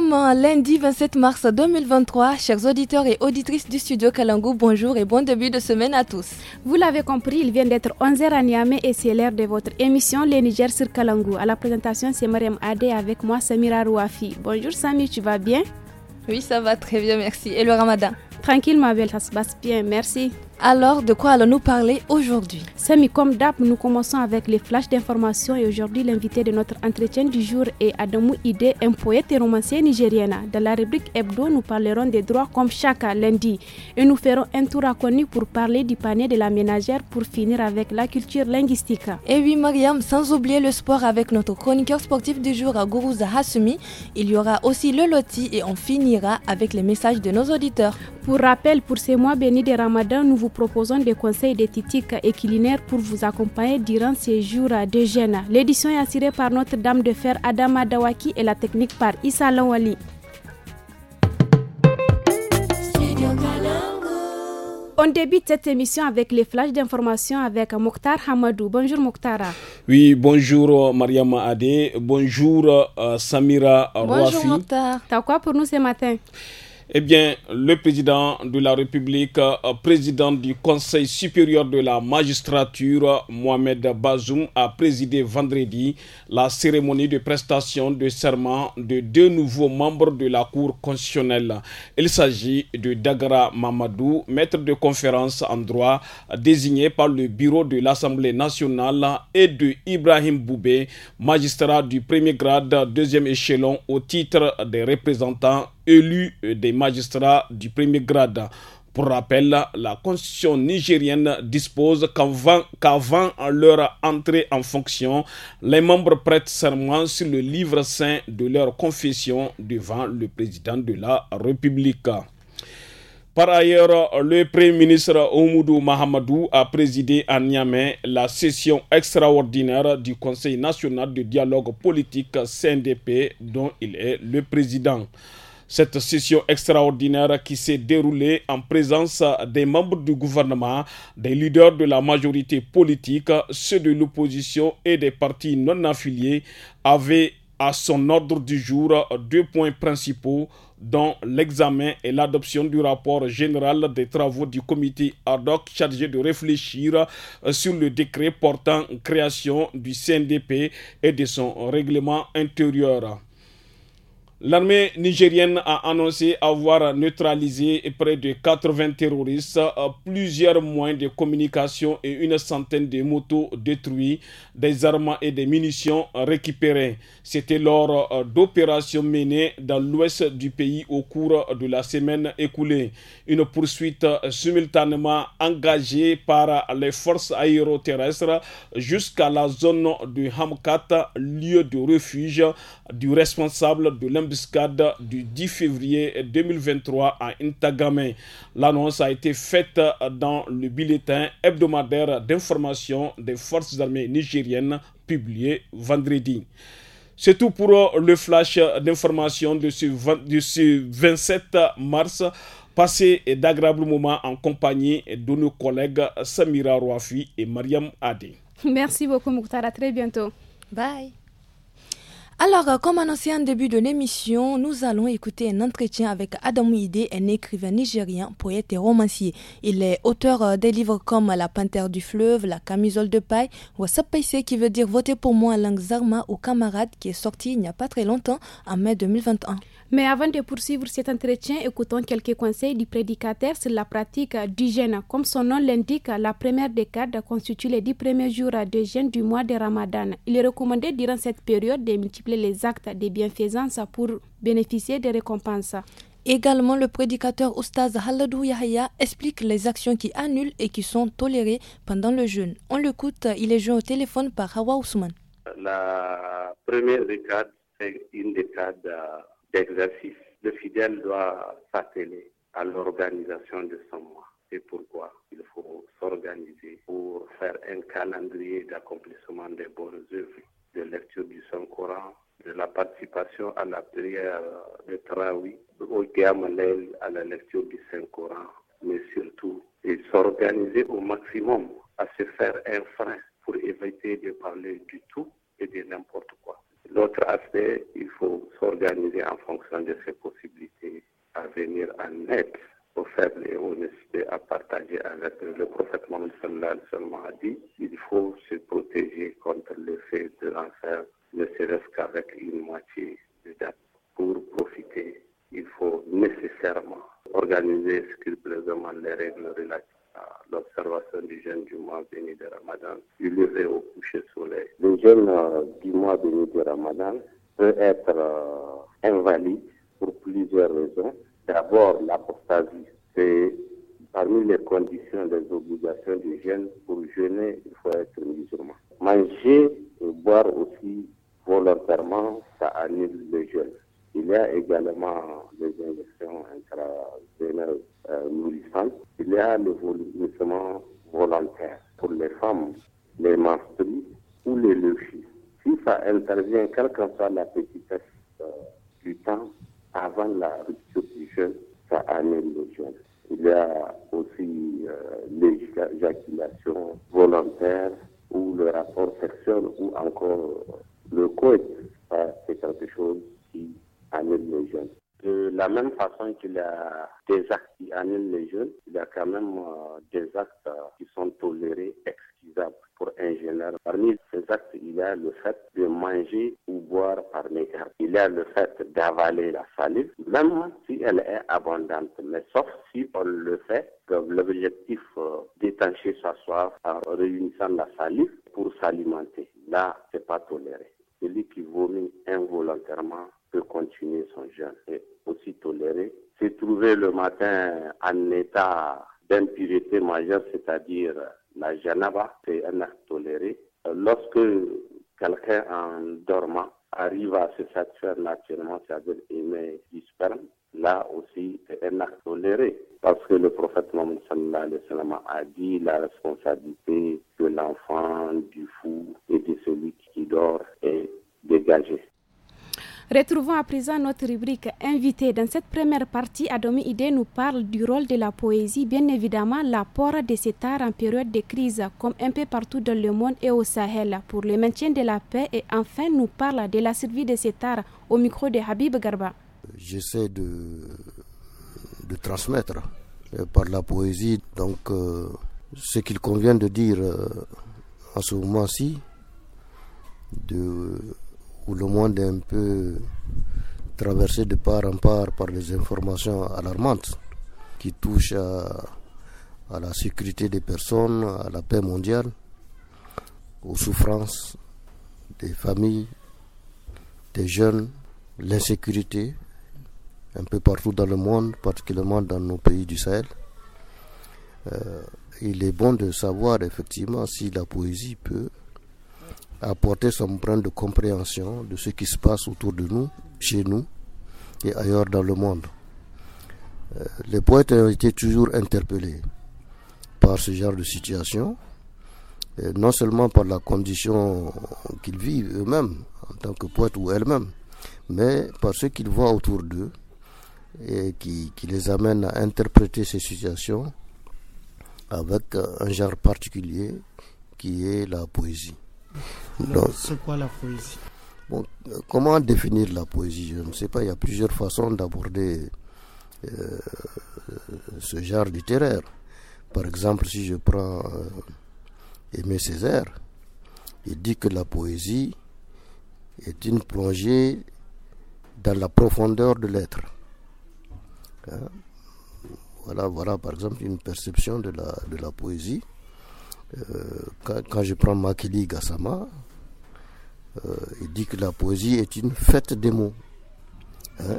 lundi 27 mars 2023. Chers auditeurs et auditrices du studio Kalangu, bonjour et bon début de semaine à tous. Vous l'avez compris, il vient d'être 11h à Niamey et c'est l'heure de votre émission Les Niger sur Kalangu. À la présentation, c'est Mariam Adé avec moi, Samira Rouafi. Bonjour Sami, tu vas bien Oui, ça va très bien, merci. Et le ramadan Tranquille, ma belle, ça se passe bien, merci. Alors, de quoi allons-nous parler aujourd'hui Semi comme d'hab, nous commençons avec les flashs d'informations et aujourd'hui, l'invité de notre entretien du jour est Adamou Ide, un poète et romancier nigérien. Dans la rubrique Hebdo, nous parlerons des droits comme chaque lundi et nous ferons un tour à connu pour parler du panier de la ménagère pour finir avec la culture linguistique. Et eh oui, Mariam, sans oublier le sport avec notre chroniqueur sportif du jour, Gourouza hasumi Il y aura aussi le loti et on finira avec les messages de nos auditeurs. Pour rappel, pour ces mois bénis de Ramadan, nous vous proposons des conseils d'éthique et culinaire pour vous accompagner durant ces jours de jeûne. L'édition est assurée par notre dame de fer Adama Dawaki et la technique par Issa Lawali. On débute cette émission avec les flashs d'information avec Mokhtar Hamadou. Bonjour Mokhtar. Oui, bonjour Mariam Ade. Bonjour euh, Samira Bonjour Mokhtar. T'as quoi pour nous ce matin eh bien, le président de la République, euh, président du Conseil supérieur de la magistrature, Mohamed Bazoum, a présidé vendredi la cérémonie de prestation de serment de deux nouveaux membres de la Cour constitutionnelle. Il s'agit de Dagara Mamadou, maître de conférence en droit désigné par le bureau de l'Assemblée nationale, et de Ibrahim Boubé, magistrat du premier grade, deuxième échelon au titre des représentants élus euh, des magistrats du premier grade. Pour rappel, la constitution nigérienne dispose qu'avant leur entrée en fonction, les membres prêtent serment sur le livre saint de leur confession devant le président de la République. Par ailleurs, le Premier ministre Omoudou Mahamadou a présidé à Niamey la session extraordinaire du Conseil national de dialogue politique CNDP dont il est le président. Cette session extraordinaire qui s'est déroulée en présence des membres du gouvernement, des leaders de la majorité politique, ceux de l'opposition et des partis non affiliés avait à son ordre du jour deux points principaux dont l'examen et l'adoption du rapport général des travaux du comité ad hoc chargé de réfléchir sur le décret portant création du CNDP et de son règlement intérieur. L'armée nigérienne a annoncé avoir neutralisé près de 80 terroristes, euh, plusieurs moyens de communication et une centaine de motos détruits, des armes et des munitions récupérées. C'était lors euh, d'opérations menées dans l'ouest du pays au cours de la semaine écoulée. Une poursuite euh, simultanément engagée par les forces aéroterrestres jusqu'à la zone de Hamkat, lieu de refuge du responsable de l' du 10 février 2023 à intagamen L'annonce a été faite dans le bulletin hebdomadaire d'information des forces armées nigériennes publié vendredi. C'est tout pour le flash d'information de, ce 27 mars. Passez d'agréables moments en compagnie de nos collègues Samira Rouafi et Mariam Adé. Merci beaucoup Moukhtara, à très bientôt. Bye. Alors, euh, comme annoncé en début de l'émission, nous allons écouter un entretien avec Adam Ide, un écrivain nigérien, poète et romancier. Il est auteur euh, des livres comme La panthère du fleuve, La camisole de paille, Wassapaise qui veut dire voter pour moi en langue zarma ou camarade qui est sorti il n'y a pas très longtemps, en mai 2021. Mais avant de poursuivre cet entretien, écoutons quelques conseils du prédicateur sur la pratique jeûne. Comme son nom l'indique, la première décade constitue les dix premiers jours de jeûne du mois de Ramadan. Il est recommandé durant cette période de multiplier les actes de bienfaisance pour bénéficier des récompenses. Également, le prédicateur Oustaz Haladou Yahya explique les actions qui annulent et qui sont tolérées pendant le jeûne. On l'écoute, il est joué au téléphone par Hawa Ousmane. La première décade, est une décade euh, exercice. le fidèle doit s'atteler à l'organisation de son mois. C'est pourquoi il faut s'organiser pour faire un calendrier d'accomplissement des bonnes œuvres, de lecture du Saint-Coran, de la participation à la prière de Traoui, au Gamalel, à la lecture du Saint-Coran, mais surtout, faut s'organiser au maximum à se faire un frein pour éviter de parler du tout et de n'importe quoi. L'autre aspect, il faut s'organiser en fonction de ses possibilités à venir en aide aux faibles et aux nécessités à partager avec Le prophète Mohammed seulement a dit il faut se protéger contre l'effet de l'enfer, ne serait-ce qu'avec une moitié de date. Pour profiter, il faut nécessairement organiser ce scrupuleusement les règles relatives l'observation du jeûne du mois béni de Ramadan, du lever au coucher soleil. Le jeûne euh, du mois béni de Ramadan peut être euh, invalide pour plusieurs raisons. D'abord, l'apostasie. C'est parmi les conditions des obligations du jeûne. Pour jeûner, il faut être musulman. Manger et boire aussi volontairement, ça annule le jeûne. Il y a également les injections intra euh, nourrissantes. Il y a le volume volontaire pour les femmes, les menstrues ou les léchis. Si ça intervient, quel que soit la petite le matin en état d'impureté majeure, c'est-à-dire la janaba, c'est un acte toléré. Lorsque quelqu'un en dormant arrive à se satisfaire naturellement, c'est-à-dire aimer du sperme, là aussi c'est un acte toléré. Parce que le prophète Mohammed a dit la responsabilité de l'enfant, du fou et de celui qui dort est dégagée. Retrouvons à présent notre rubrique invité. Dans cette première partie, Adomi Idé nous parle du rôle de la poésie, bien évidemment l'apport de cet art en période de crise, comme un peu partout dans le monde et au Sahel, pour le maintien de la paix et enfin nous parle de la survie de cet art au micro de Habib Garba. J'essaie de, de transmettre euh, par la poésie donc euh, ce qu'il convient de dire euh, à ce moment-ci de où le monde est un peu traversé de part en part par des informations alarmantes qui touchent à, la sécurité des personnes, à la paix mondiale, aux souffrances des familles, des jeunes, l'insécurité un peu partout dans le monde, particulièrement dans nos pays du Sahel. Euh, il est bon de savoir effectivement si la poésie peut apporter son brin de compréhension de ce qui se passe autour de nous, chez nous et ailleurs dans le monde. Euh, les poètes ont été toujours interpellés par ce genre de situation, euh, non seulement par la condition qu'ils vivent eux-mêmes en tant que poètes ou elles-mêmes, mais par ce qu'ils voient autour d'eux et qui, qui, les amène à interpréter ces situations avec un genre particulier qui est la poésie. C'est quoi la poésie euh, Comment définir la poésie Je ne sais pas, il y a plusieurs façons d'aborder euh, ce genre littéraire. Par exemple, si je prends euh, Aimé Césaire, il dit que la poésie est une plongée dans la profondeur de l'être. Hein. Voilà, voilà par exemple une perception de de la poésie. Euh, quand, je prends Makili Gassama, euh, il dit que la poésie est une fête des mots. Hein?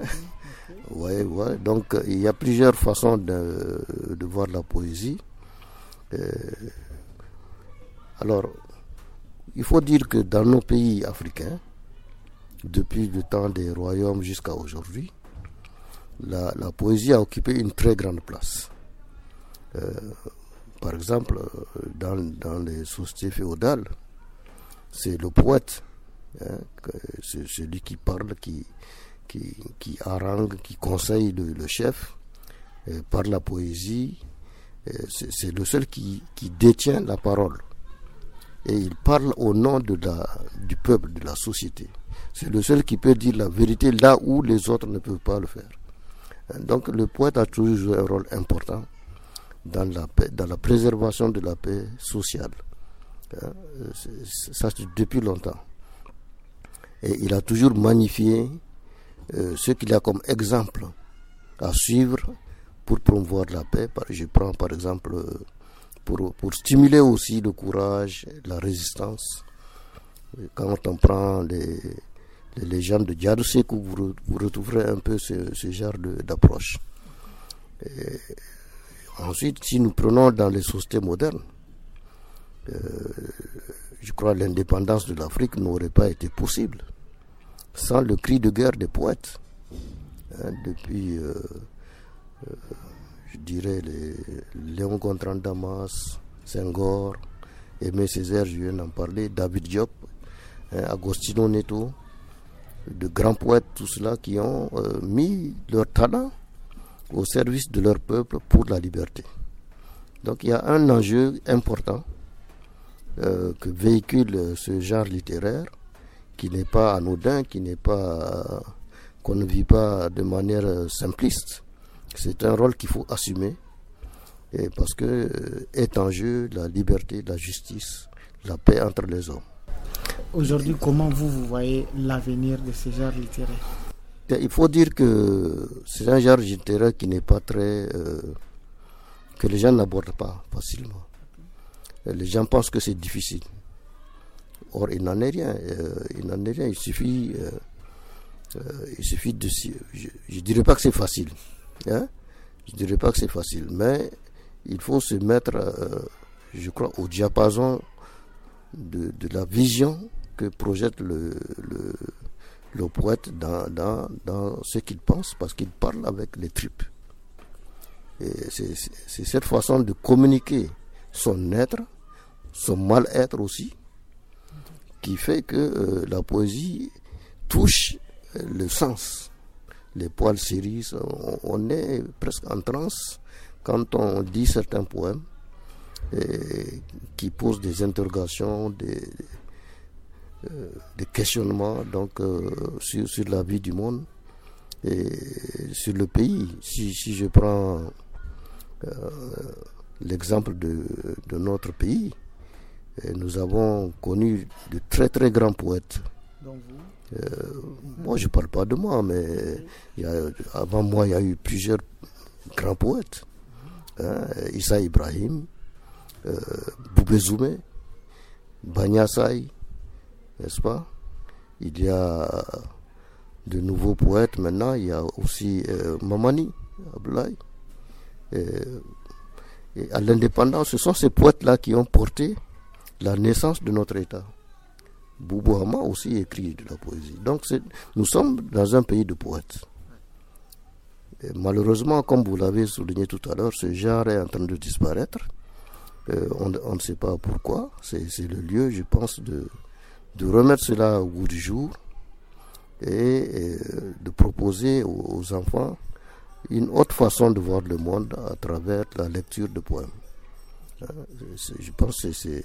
Ouais, ouais. Donc il y a plusieurs façons de, voir la poésie. Euh, alors, il faut dire que dans nos pays africains, depuis le temps des royaumes jusqu'à aujourd'hui, la, poésie a occupé une très grande place. Par exemple, euh, dans, les sociétés féodales, c'est le poète, hein, c'est celui qui parle, qui, qui, qui harangue, qui conseille le, chef parle euh, par la poésie. Euh, c'est le seul qui, détient la parole et il parle au nom de du peuple, de la société. C'est le seul qui peut dire la vérité là où les autres ne peuvent pas le faire. Donc le poète a toujours joué un rôle important dans la dans la préservation de la paix sociale. Hein, ça ça, depuis longtemps. Et il a toujours magnifié euh, ce qu'il a comme exemple à suivre pour promouvoir la paix. Je prends par exemple euh, pour, pour stimuler aussi le courage, la résistance. Quand on prend les, les légendes de Djadou vous, vous retrouverez un peu ce, ce genre d'approche. Ensuite, si nous prenons dans les sociétés modernes, euh, je crois que l'indépendance de l'Afrique n'aurait pas été possible sans le cri de guerre des poètes. Hein, depuis, euh, euh, je dirais, Léon Gontran Damas, Senghor, Aimé Césaire, je viens d'en parler, David Diop, hein, Agostino Neto, de grands poètes, tout cela qui ont mis leur talent au service de leur peuple pour la liberté. Donc il y a un enjeu important euh, que véhicule ce genre littéraire, qui n'est pas anodin, qui n'est pas qu'on ne vit pas de manière simpliste. C'est un rôle qu'il faut assumer, parce que euh, est en jeu la liberté, la justice, la paix entre les hommes. Aujourd'hui, comment vous, vous voyez l'avenir de ce genre littéraire il faut dire que c'est un genre d'intérêt qui n'est pas très. Euh, que les gens n'abordent pas facilement. Les gens pensent que c'est difficile. Or, il n'en est rien. Euh, il n'en est rien. Il suffit. Euh, il suffit de. Je ne dirais pas que c'est facile. Hein. Je ne dirais pas que c'est facile. Mais il faut se mettre, je crois, au diapason de, la vision que projette le le poète dans, dans, dans ce qu'il pense parce qu'il parle avec les tripes. c'est cette façon de communiquer son être, son mal-être aussi, qui fait que euh, la poésie touche euh, le sens. Les poils séries, on, est presque en transe quand on dit certains poèmes et, qui posent des interrogations, des, euh, des questionnements donc, euh, sur, sur, la vie du monde et sur le pays. Si, je prends euh, l'exemple de, notre pays, nous avons connu de très très grands poètes. moi, je ne parle pas de moi, mais avant moi, il y a eu plusieurs grands poètes. Hein, Issa Ibrahim, euh, Banyasai, n'est-ce pas Il y a euh, de nouveaux poètes maintenant, il y a aussi euh, Mamani, Ablaï. Euh, et à l'indépendance, ce sont ces poètes-là qui ont porté la naissance de notre État. Boubou Hama aussi écrit de la poésie. Donc nous sommes dans un pays de poètes. malheureusement, comme vous l'avez souligné tout à l'heure, ce genre est en train de disparaître. on, ne sait pas pourquoi. C'est le lieu, je pense, de, de remettre cela au goût du jour et de proposer aux enfants une autre façon de voir le monde à travers la lecture de poèmes. Euh, je pense que c'est,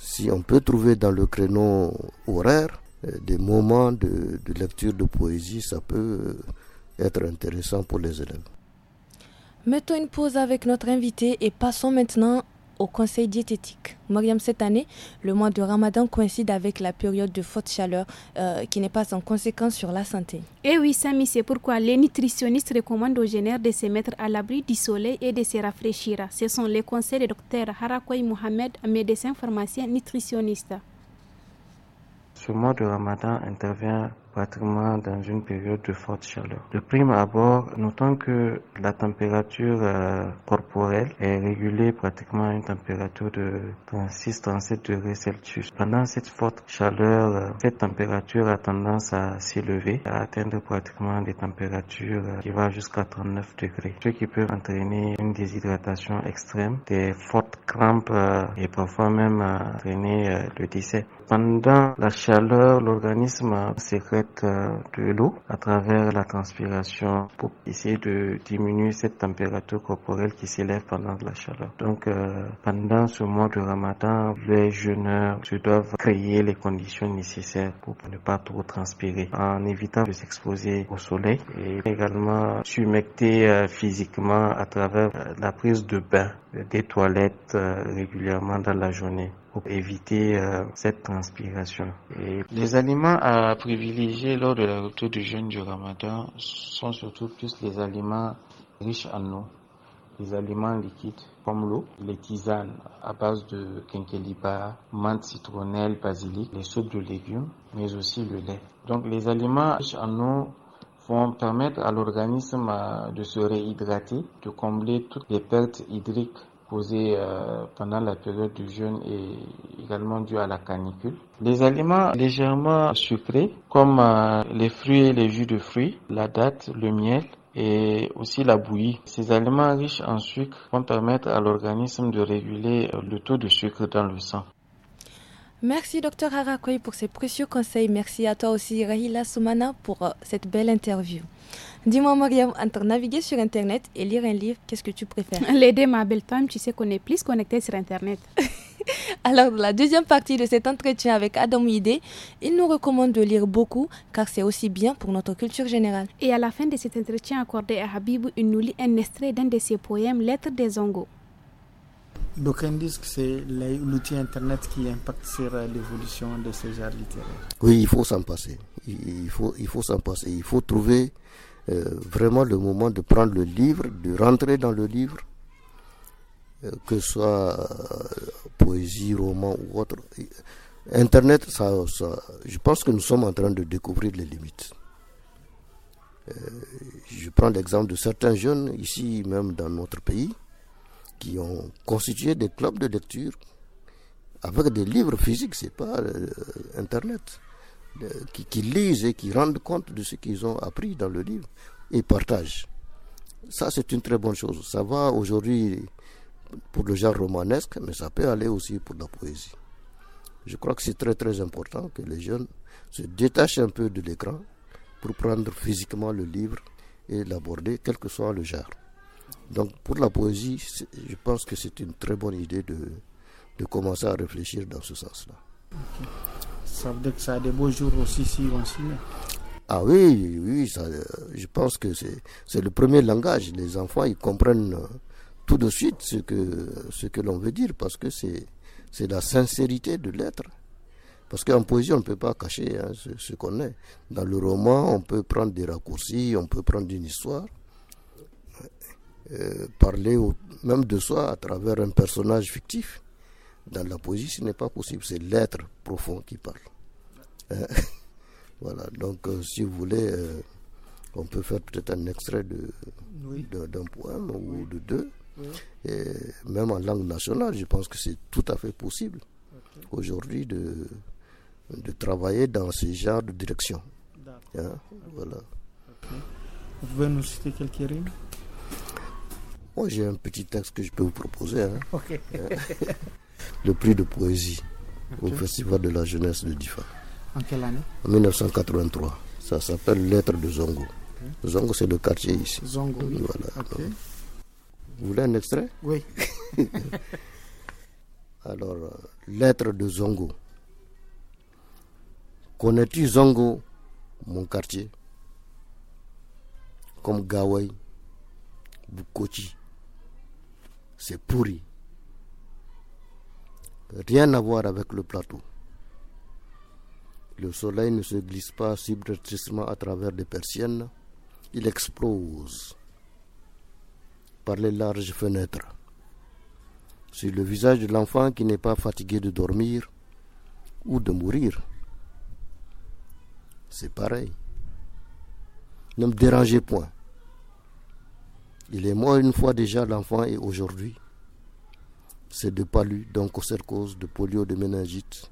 si on peut trouver dans le créneau horaire euh, des moments de, de lecture de poésie, ça peut euh, être intéressant pour les élèves. Mettons une pause avec notre invité et passons maintenant au conseil diététique. Mariam, cette année, le mois de Ramadan coïncide avec la période de forte chaleur euh, qui n'est pas sans conséquence sur la santé. Et eh oui, Samy, c'est pourquoi les nutritionnistes recommandent aux génères de se mettre à l'abri du soleil et de se rafraîchir. Ce sont les conseils du docteur Harakoy Mohamed, médecin pharmacien nutritionniste. Ce mois de Ramadan intervient pratiquement dans une période de forte chaleur. De prime abord, notons que la température euh, corporelle est régulée pratiquement à une température de 36-37 degrés Celsius. Pendant cette forte chaleur, euh, cette température a tendance à s'élever, à atteindre pratiquement des températures euh, qui vont jusqu'à 39 degrés, ce qui peut entraîner une déshydratation extrême, des fortes crampes et parfois même entraîner le décès. Pendant la chaleur, l'organisme sécrète euh, de l'eau à travers la transpiration pour essayer de diminuer cette température corporelle qui s'élève pendant la chaleur. Donc euh, pendant ce mois de Ramadan, les jeûneurs se doivent créer les conditions nécessaires pour ne pas trop transpirer en évitant de s'exposer au soleil et également s'humecter euh, physiquement à travers la prise de bain des toilettes régulièrement dans la journée pour éviter euh, cette transpiration. les aliments à privilégier lors de la rupture du jeûne du ramadan sont surtout plus les aliments riches en eau, les aliments liquides comme l'eau, les tisanes à base de quinqueliba, menthe citronnelle, basilic, les soupes de légumes, mais aussi le lait. Donc les aliments riches en eau vont permettre à l'organisme euh, de se réhydrater, de combler toutes les pertes hydriques Posé euh, pendant la période du jeûne et également dû à la canicule. Les aliments légèrement sucrés comme euh, les fruits et les jus de fruits, la date, le miel, et aussi la bouillie. Ces aliments riches en sucre vont permettre à l'organisme de réguler euh, le taux de sucre dans le sang. Merci docteur Harakoy pour ces précieux conseils. Merci à toi aussi Rahila Soumana pour cette belle interview. Dis-moi, Mariam, entre naviguer sur Internet et lire un livre, qu'est-ce que tu préfères L'aider ma belle femme, tu sais qu'on est plus connecté sur Internet. Alors, la deuxième partie de cet entretien avec Adam Ouidé, il nous recommande de lire beaucoup car c'est aussi bien pour notre culture générale. Et à la fin de cet entretien accordé à Habib, il nous lit un extrait d'un de ses poèmes, Lettres des Zongo. D'aucuns disent que c'est l'outil Internet qui impacte sur euh, l'évolution de ces genres littéraires. Oui, il faut s'en passer. Il faut, il faut s'en passer. Il faut trouver euh, vraiment le moment de prendre le livre, de rentrer dans le livre, euh, que ce soit euh, poésie, roman ou autre. Internet, je pense que nous sommes en train de découvrir les limites. je prends l'exemple de certains jeunes, ici même dans notre pays, qui ont constitué des clubs de lecture avec des livres physiques, c'est pas Internet qui, lisent et qui rendent compte de ce qu'ils ont appris dans le livre et partagent. Ça, c'est une très bonne chose. Ça va aujourd'hui pour le genre romanesque, mais ça peut aller aussi pour la poésie. Je crois que c'est très très important que les jeunes se détachent un peu de l'écran pour prendre physiquement le livre et l'aborder, quel que soit le genre. Donc pour la poésie, je pense que c'est une très bonne idée de, de commencer à réfléchir dans ce sens-là ça veut dire que ça a des beaux jours aussi si Ah oui, oui, euh, je pense que c'est le premier langage. Les enfants, ils comprennent euh, tout de suite ce que, ce que l'on veut dire parce que c'est la sincérité de l'être. Parce qu'en poésie, on ne peut pas cacher hein, ce, qu'on est. Dans le roman, on peut prendre des raccourcis, on peut prendre une histoire, euh, parler même de soi à travers un personnage fictif. Dans la poésie, ce n'est pas possible. C'est l'être profond qui parle. Euh, voilà, donc euh, si vous voulez, euh, on peut faire peut-être un extrait de, d'un poème ou de deux. Et même en langue nationale, je pense que c'est tout à fait possible aujourd'hui de, de travailler dans ce genre de direction. Hein, voilà. Vous pouvez nous citer quelques rimes Moi, j'ai un petit texte que je peux vous proposer. Hein. Hein? Le prix de poésie au Festival de la jeunesse de Difa. En 1983. Ça s'appelle Lettre de Zongo. Zongo, c'est le quartier ici. Zongo, Vous voulez un extrait Oui. Alors, euh, Lettre de Zongo. Connais-tu Zongo, mon quartier Comme Gawai, Bukoti, c'est pourri. Rien à voir avec le plateau. Le soleil ne se glisse pas subrepticement à travers les persiennes, il explose par les larges fenêtres. Sur le visage de l'enfant qui n'est pas fatigué de dormir ou de mourir, c'est pareil. Ne me dérangez point. Il est mort une fois déjà l'enfant et aujourd'hui. C'est de palus, donc de polio, de méningite,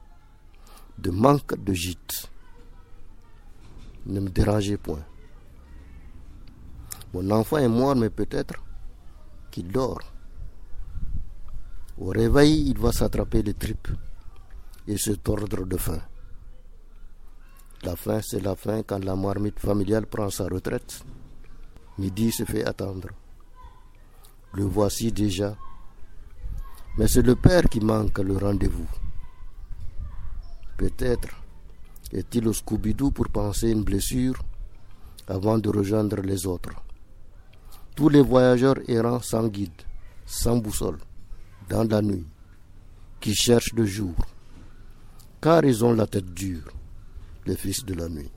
de manque de gîte. Ne me dérangez point. Mon enfant est mort, mais peut-être qu'il dort. Au réveil, il va s'attraper les tripes et se tordre de faim. La faim, c'est la faim quand la marmite familiale prend sa retraite. Midi se fait attendre. Le voici déjà. Mais c'est le père qui manque le rendez-vous. Peut-être est-il au scooby pour penser une blessure avant de rejoindre les autres. Tous les voyageurs errants sans guide, sans boussole, dans la nuit, qui cherchent le jour, car ils ont la tête dure, les fils de la nuit.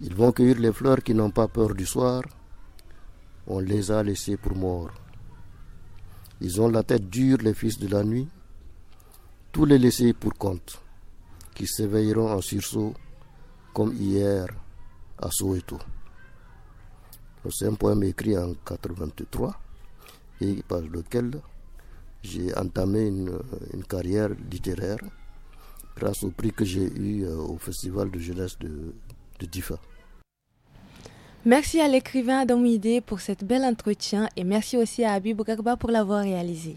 Ils vont cueillir les fleurs qui n'ont pas peur du soir. On les a laissés pour morts. Ils ont la tête dure, les fils de la nuit tous les laissés pour compte qui s'éveilleront en sursaut comme hier à Soweto. C'est un poème écrit en 83 et par lequel j'ai entamé une, carrière littéraire grâce au prix que j'ai eu euh, au Festival de jeunesse de, Difa. Merci à l'écrivain Adam Idé pour cette belle entretien et merci aussi à Abib Gagba pour l'avoir réalisé.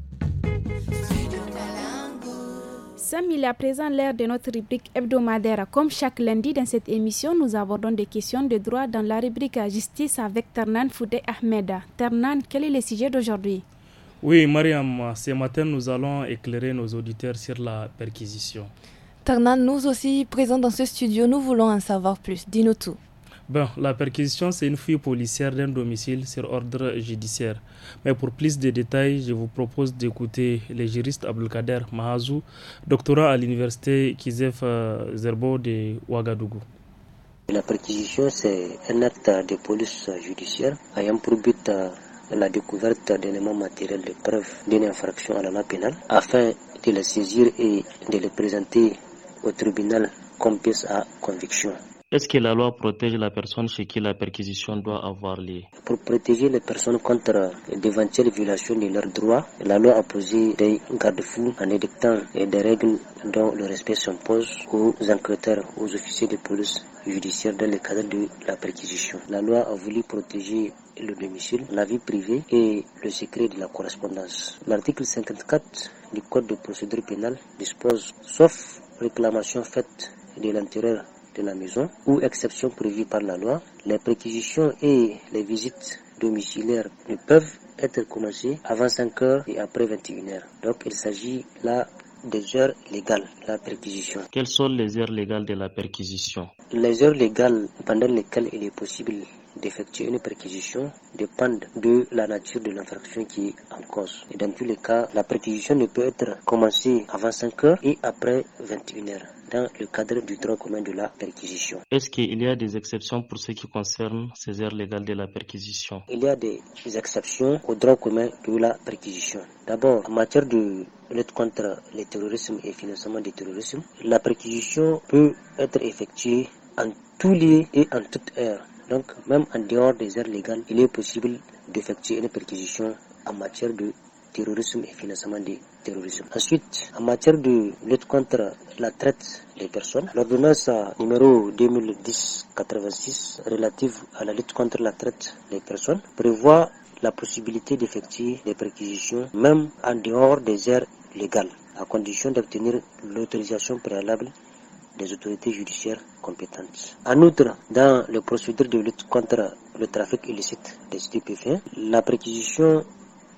Sam, il est à présent l'heure de notre rubrique hebdomadaire. Comme chaque lundi dans cette émission, nous abordons des questions de droit dans la rubrique Justice avec Ternan Foudé Ahmeda. Ternan, quel est le sujet d'aujourd'hui Oui, Mariam, ce matin, nous allons éclairer nos auditeurs sur la perquisition. Ternan, nous aussi, présents dans ce studio, nous voulons en savoir plus. Dis-nous tout la perquisition, c'est une fouille policière d'un domicile sur ordre judiciaire. Mais pour plus de détails, je vous propose d'écouter le juriste Abdelkader Mahazou, doctorat à l'université Kizef euh, Zerbo de Ouagadougou. La perquisition, c'est un acte de police judiciaire ayant pour but euh, la découverte d'éléments matériels de preuve d'une infraction à la loi pénale afin de la saisir et de les présenter au tribunal comme pièce à conviction. Est-ce que la loi protège la personne chez qui la perquisition doit avoir lieu Pour protéger les personnes contre d'éventuelles violations de leurs droits, la loi a posé des garde-fous en édictant des règles dont le respect s'impose aux enquêteurs, aux officiers de police judiciaire dans le cadre de la perquisition. La loi a voulu protéger le domicile, la vie privée et le secret de la correspondance. L'article 54 du Code de procédure pénale dispose, sauf réclamation faite de l'intérieur de la maison ou exception prévue par la loi, les préquisitions et les visites domiciliaires ne peuvent être commencées avant 5 heures et après 21 h Donc il s'agit là des heures légales, la perquisition. Quelles sont les heures légales de la perquisition Les heures légales pendant lesquelles il est possible d'effectuer une perquisition dépendent de la nature de l'infraction qui est en cause. Et dans tous les cas, la perquisition ne peut être commencée avant 5 heures et après 21 h dans le cadre du droit commun de la perquisition. Est-ce qu'il y a des exceptions pour ce qui concerne ces aires légales de la perquisition Il y a des exceptions au droit commun de la perquisition. D'abord, en matière de lutte contre le terrorisme et financement du terrorisme, la perquisition peut être effectuée en tout lieu et en toute heure. Donc, même en dehors des aires légales, il est possible d'effectuer une perquisition en matière de terrorisme et financement du terrorisme. Ensuite, en matière de lutte contre la traite des personnes, l'ordonnance numéro 2010-86 relative à la lutte contre la traite des personnes prévoit la possibilité d'effectuer des préquisitions même en dehors des aires légales, à condition d'obtenir l'autorisation préalable des autorités judiciaires compétentes. En outre, dans les procédures de lutte contre le trafic illicite des stupéfiants, la préquisition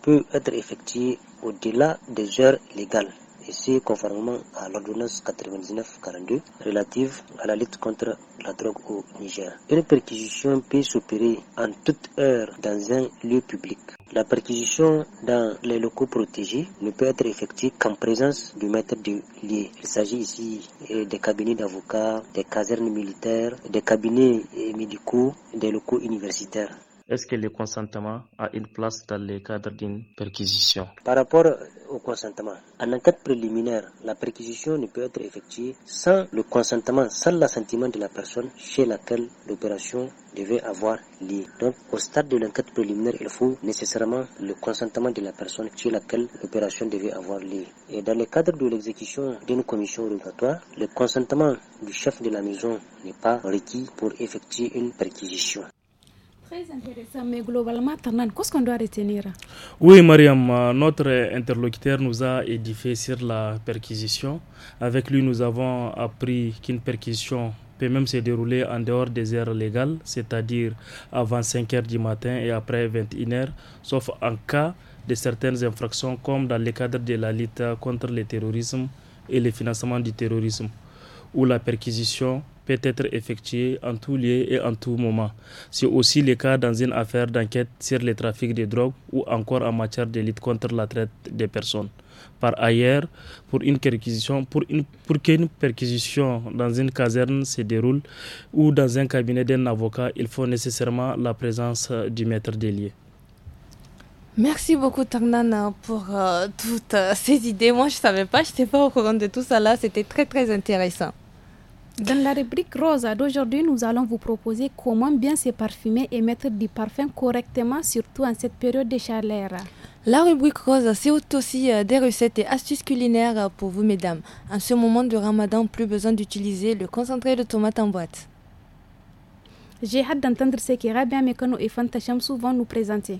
peut être effectuée au-delà des heures légales, et c'est conformément à l'ordonnance 99-42 relative à la lutte contre la drogue au Niger. Une perquisition peut s'opérer en toute heure dans un lieu public. La perquisition dans les locaux protégés ne peut être effectuée qu'en présence du maître du lieu. Il s'agit ici euh, des cabinets d'avocats, des casernes militaires, des cabinets euh, médicaux, des locaux universitaires. Est-ce que le consentement a une place dans le cadre d'une perquisition Par rapport au consentement, en enquête préliminaire, la perquisition ne peut être effectuée sans le consentement, sans l'assentiment de la personne chez laquelle l'opération devait avoir lieu. Donc, au stade de l'enquête préliminaire, il faut nécessairement le consentement de la personne chez laquelle l'opération devait avoir lieu. Et dans le cadre de l'exécution d'une commission rogatoire, le consentement du chef de la maison n'est pas requis pour effectuer une perquisition. Très intéressant, mais globalement, Tanan, qu'est-ce qu'on doit retenir Oui, Mariam, euh, notre interlocuteur nous a édifié sur la perquisition. Avec lui, nous avons appris qu'une perquisition peut même se dérouler en dehors des heures légales, c'est-à-dire avant 5 h du matin et après 21 h sauf en cas de certaines infractions, comme dans le cadre de la lutte contre le terrorisme et le financement du terrorisme, où la perquisition peut être effectué en tout lieu et en tout moment. C'est aussi le cas dans une affaire d'enquête sur le trafic de drogue ou encore en matière de lutte contre la traite des personnes. Par ailleurs, pour une perquisition, pour, une, pour qu'une perquisition dans une caserne se déroule ou dans un cabinet d'un avocat, il faut nécessairement la présence du maître des lieux. Merci beaucoup Tangnana pour euh, toutes euh, ces idées. Moi je savais pas, je n'étais pas au courant de tout ça là, c'était très très intéressant. Dans la rubrique rose d'aujourd'hui, nous allons vous proposer comment bien se parfumer et mettre du parfum correctement, surtout en cette période de chaleur. La rubrique rose, c'est aussi euh, des recettes et astuces culinaires pour vous, mesdames. En ce moment de ramadan, plus besoin d'utiliser le concentré de tomate en boîte. J'ai hâte d'entendre ce que Rabia Mekano et Fanta souvent nous présenter.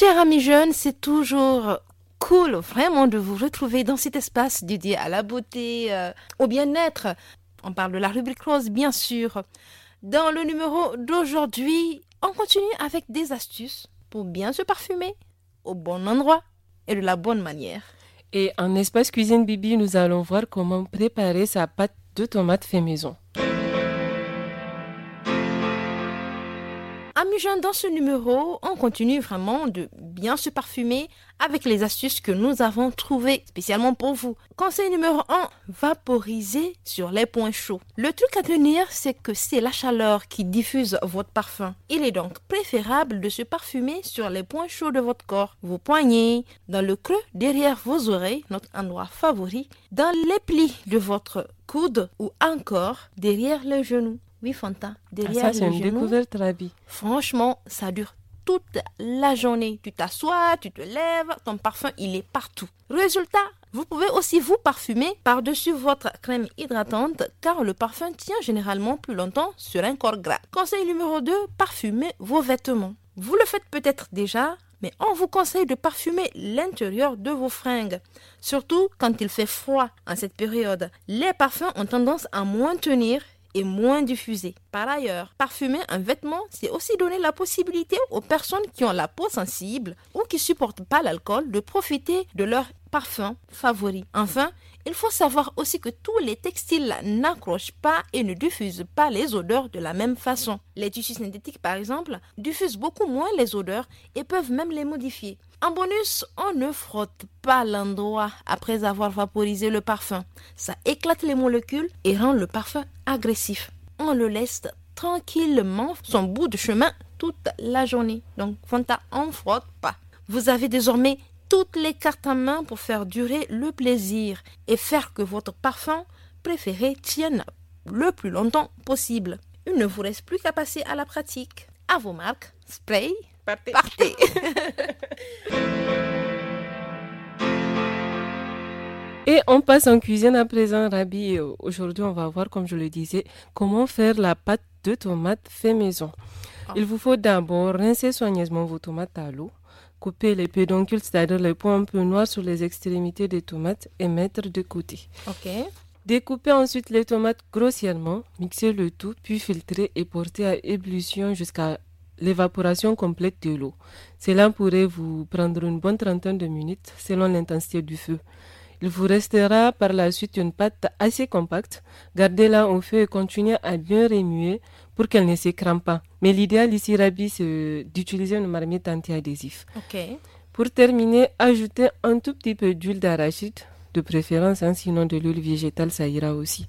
Chers amis jeunes, c'est toujours cool vraiment de vous retrouver dans cet espace dédié à la beauté, euh, au bien-être. On parle de la rubrique rose, bien sûr. Dans le numéro d'aujourd'hui, on continue avec des astuces pour bien se parfumer au bon endroit et de la bonne manière. Et en espace cuisine Bibi, nous allons voir comment préparer sa pâte de tomates fait maison. amusant dans ce numéro, on continue vraiment de bien se parfumer avec les astuces que nous avons trouvées spécialement pour vous. Conseil numéro 1, vaporiser sur les points chauds. Le truc à tenir, c'est que c'est la chaleur qui diffuse votre parfum. Il est donc préférable de se parfumer sur les points chauds de votre corps, vos poignets, dans le creux derrière vos oreilles, notre endroit favori, dans les plis de votre coude ou encore derrière le genou. Oui, Fanta. Ah, Derrière ah, ça, c'est une genou, découverte, Franchement, ça dure toute la journée. Tu t'assois, tu te lèves, ton parfum, il est partout. Résultat, vous pouvez aussi vous parfumer par-dessus votre crème hydratante car le parfum tient généralement plus longtemps sur un corps gras. Conseil numéro 2, parfumez vos vêtements. Vous le faites peut-être déjà, mais on vous conseille de parfumer l'intérieur de vos fringues, surtout quand il fait froid en cette période. Les parfums ont tendance à moins tenir et moins diffusé. Par ailleurs, parfumer un vêtement, c'est aussi donner la possibilité aux personnes qui ont la peau sensible ou qui supportent pas l'alcool de profiter de leur parfum favori. Enfin, il faut savoir aussi que tous les textiles n'accrochent pas et ne diffusent pas les odeurs de la même façon. Les tissus synthétiques, par exemple, diffusent beaucoup moins les odeurs et peuvent même les modifier. En bonus, on ne frotte pas l'endroit après avoir vaporisé le parfum. Ça éclate les molécules et rend le parfum agressif. On le laisse tranquillement son bout de chemin toute la journée. Donc, Fanta, on frotte pas. Vous avez désormais toutes les cartes en main pour faire durer le plaisir et faire que votre parfum préféré tienne le plus longtemps possible. Il ne vous reste plus qu'à passer à la pratique. À vos marques, spray, partez. Et on passe en cuisine à présent, Rabi. Aujourd'hui, on va voir, comme je le disais, comment faire la pâte de tomate fait maison. Ah. Il vous faut d'abord rincer soigneusement vos tomates à l'eau couper les pédoncules, c'est-à-dire les points un peu noirs sur les extrémités des tomates et mettre de côté. Ok. Découpez ensuite les tomates grossièrement, mixer le tout, puis filtrez et portez à ébullition jusqu'à l'évaporation complète de l'eau. Cela pourrait vous prendre une bonne trentaine de minutes selon l'intensité du feu. Il vous restera par la suite une pâte assez compacte. Gardez-la au feu et continuez à bien remuer pour qu'elle ne s'écrame pas. Mais l'idéal ici, Rabi, c'est d'utiliser une marmite anti-adhésif. Pour terminer, ajoutez un tout petit peu d'huile d'arachide, de préférence, hein, sinon de l'huile végétale, ça ira aussi.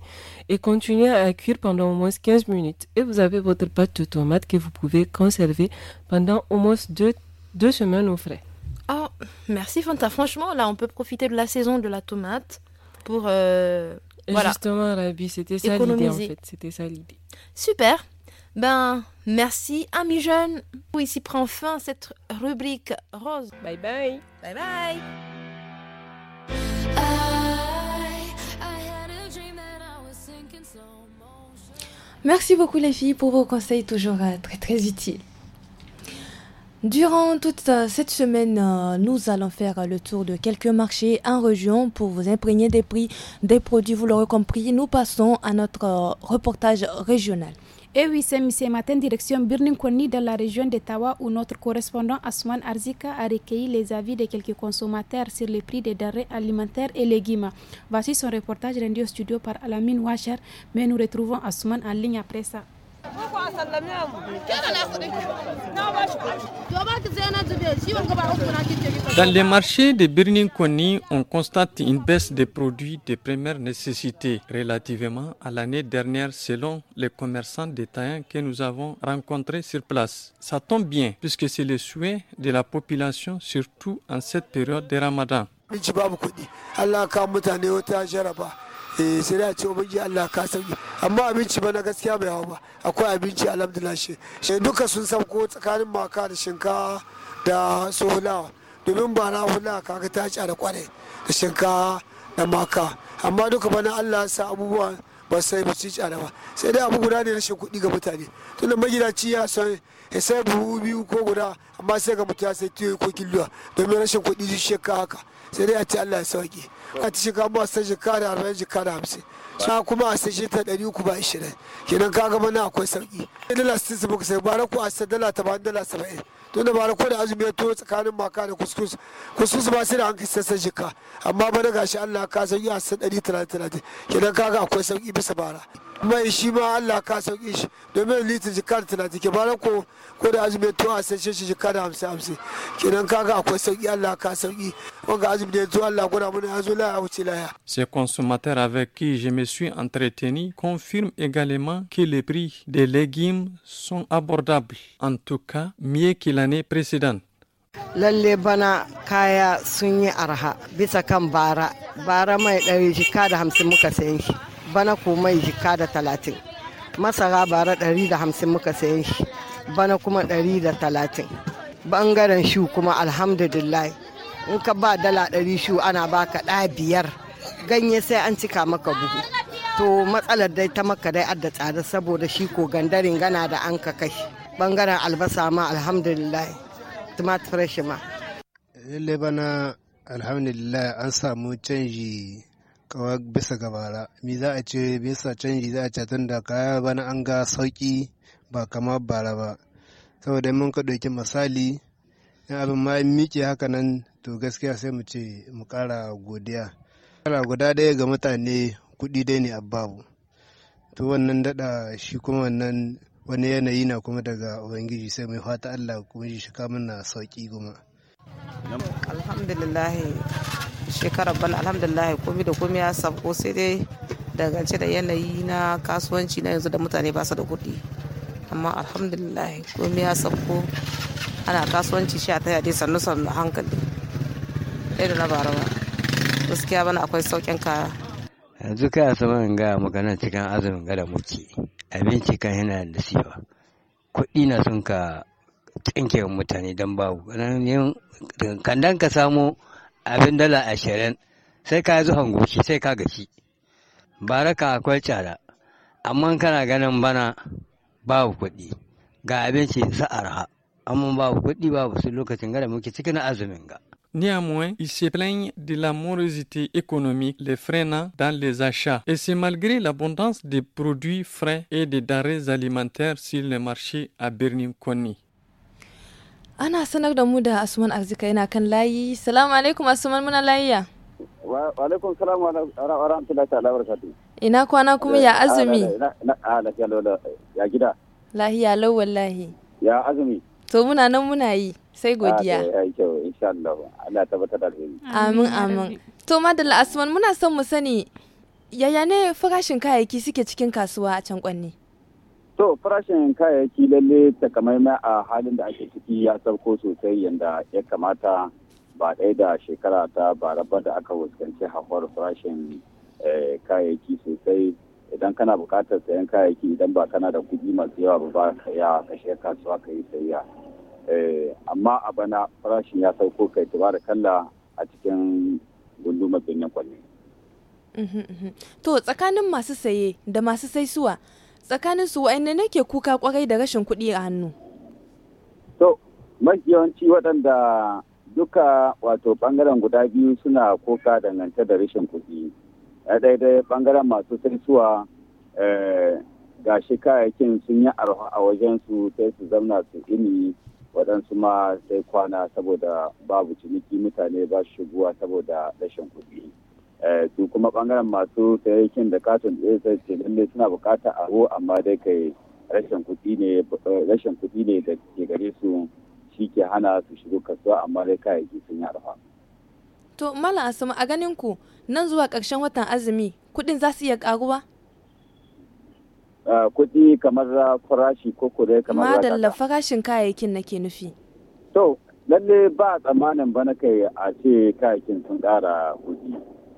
Et continuez à cuire pendant au moins 15 minutes. Et vous avez votre pâte de tomate que vous pouvez conserver pendant au moins deux, semaines au frais. Oh, merci Fanta. Franchement, là, on peut profiter de la saison de la tomate pour... Euh, Justement, Rabi, c'était ça l'idée en fait. C'était ça l'idée. Super. Ben, merci, amis jeunes. Oui, ici prend fin cette rubrique rose. Bye bye. Bye bye. Merci beaucoup les filles pour vos conseils toujours euh, très très utiles. Durant toute euh, cette semaine, euh, nous allons faire le tour de quelques marchés en région pour vous imprégner des prix des produits. Vous l'aurez compris, nous passons à notre reportage régional. Et oui, c'est ce matin, direction Birnin dans la région d'Ottawa où notre correspondant Asman Arzika a recueilli les avis de quelques consommateurs sur les prix des denrées alimentaires et légumes. Voici son reportage rendu au studio par Alamine Washer, mais nous retrouvons Asman en ligne après ça. Dans les marchés de Birnin Koni, on constate une baisse des produits de première nécessité relativement à l'année dernière selon les commerçants détaillants que nous avons rencontrés sur place. Ça tombe bien puisque c'est le souhait de la population surtout en cette période de Ramadan. eh sai da ce ubangi Allah ka sauki amma abinci ba na gaskiya bai hawa ba akwai abinci alhamdulillah shi shi duka sun sauko tsakanin maka da shinkawa da sohula domin ba na hula kaga ta ci da da shinkawa da maka amma duka ba na Allah sa abubuwa ba sai ba ci tsada ba sai dai abu guda ne rashin kuɗi ga mutane tunda magidaci ya san sai buhu biyu ko guda amma sai ga mutum ya sai tiyo ko killuwa domin rashin kuɗi shi shekka haka sai dai a ce Allah ya sauki a ci shiga ba sai jika da arba'in jika da hamsin sha kuma a sai ta ɗari uku ba ishirin kenan ka gama na akwai sauki dala sittin su muka sai bara ko a sai dala tamanin dala saba'in don da bara ko da azumi ya to tsakanin maka da kuskus kuskus ba sai da an kai sai jika amma bana gashi Allah ka sauki a sai ɗari talatin talatin kenan ka ga akwai sauki bisa bara. mai shi ma Allah ka sauki shi domin litin jikar tana take bara ko ko da azumi to a sace shi jikar hamsin hamsin kenan kaga akwai sauki Allah ka sauki wanga azumi da to Allah gwada mana yazo laya wuce laya Ces consommateur avec qui je me suis entretenu confirme également que les prix des légumes sont abordables en tout cas mieux que l'année précédente lalle bana kaya sun yi arha bisa kan bara bara mai ɗari jika da hamsin muka sayan shi bana komai jika da talatin masara bara ɗari da hamsin muka sayan shi bana kuma ɗari da talatin bangaren shu kuma alhamdulillah in ka ba dala ɗari shu ana baka ɗa biyar ganye sai an cika maka buhu to matsalar dai ta maka dai adda tsada saboda shi ko gandarin gana da an ka kai bangaren albasa ma alhamdulillah fresh ma lallai bana alhamdulillah an samu canji kawai bisa gabara bara mi za a ce bisa canji za a ce tun da kaya bana an ga sauki ba kama bara ba saboda mun ka ɗauki misali in abin ma miƙe haka nan to gaskiya sai mu ce mu ƙara godiya ƙara guda ɗaya ga mutane kuɗi dai ne ababu to wannan daɗa shi kuma wannan wani yanayi na kuma daga ubangiji sai mai fata allah kuma shi kama na sauƙi kuma alhamdulillah shekarar bana alhamdulillah komi da komi ya sabko sai dai dangance da yanayi na kasuwanci na yanzu da mutane ba su da kuɗi amma alhamdulillah komi ya sabko ana kasuwanci sha ta yadda sannu sannu hankali ɗaya na ba gaskiya bana akwai sauƙin kaya yanzu ka saba in ga maganar cikin azumin gada muke abinci kan yana da siwa kuɗi na sun ka tsinke mutane don babu kandan ka samo abin dala ashirin sai ka zuhan goshi sai ka gashi baraka akwai cara amma kana ganin bana babu kuɗi ga abinci sa arha amma babu kuɗi babu su lokacin gada muke cikin azumin ga Néanmoins, il se plaint de la morosité économique les freinant dans les achats. Et c'est malgré l'abondance des produits frais et des denrées alimentaires sur le marché à Bernier-Conny. ana sanar da mu da asuman arzika yana kan layi salamu alaikum asuman muna layiya wa alaikum salamu wa rahmatullahi ta'ala ina kwana kuma ya azumi ah, ah, a lola ya gida lahiya lau wallahi ya azumi to muna nan muna yi sai godiya ah, insha Allah Allah da alheri amin amin to madalla asuman muna son mu sani yaya ne farashin kayayyaki suke cikin kasuwa a can kwanne To farashin kayayyaki lalle takamaimai a halin da ake ciki ya sauko sosai yadda ya kamata ba ɗaya da shekara ta baraba da aka fuskanci hauhawar farashin eh, kayayyaki sosai idan kana buƙatar sayan kayayyaki idan ba kana da kuɗi masu yawa ba ba ya kashe kasuwa ka yi sayya eh, amma a bana farashin ya sauko kai tuba da kalla a cikin gundumar birnin kwalli. To tsakanin masu saye da masu saisuwa tsakanin su wa'anne nake kuka kwarai da rashin kuɗi a hannu to yawanci waɗanda duka wato ɓangaren guda biyu suna kuka dangance da rashin kuɗi a daidai ɓangaren masu saisuwa eh, ga shi kayayyakin sun yi arha a wajen su sai su zamna su ini waɗansu ma sai kwana saboda babu ciniki mutane ba shigowa saboda rashin kuɗi Eh, su kuma bangaren masu sayayyakin da katon da zai ce lalle suna bukata ruwa amma dai kai rashin kuɗi ne eh, rashin kuɗi ne da ke gare su shi ke hana su shigo kasuwa amma dai kayayyaki sun yi arha. To mala Asama a ganin ku nan zuwa ƙarshen watan azumi kuɗin za su iya ƙaruwa? Eh, kuɗi kamar farashi ko kudai kamar Madalla farashin kayayyakin nake nufi. To lalle ba tsamanin bana kai a ce kayayyakin sun ƙara kuɗi.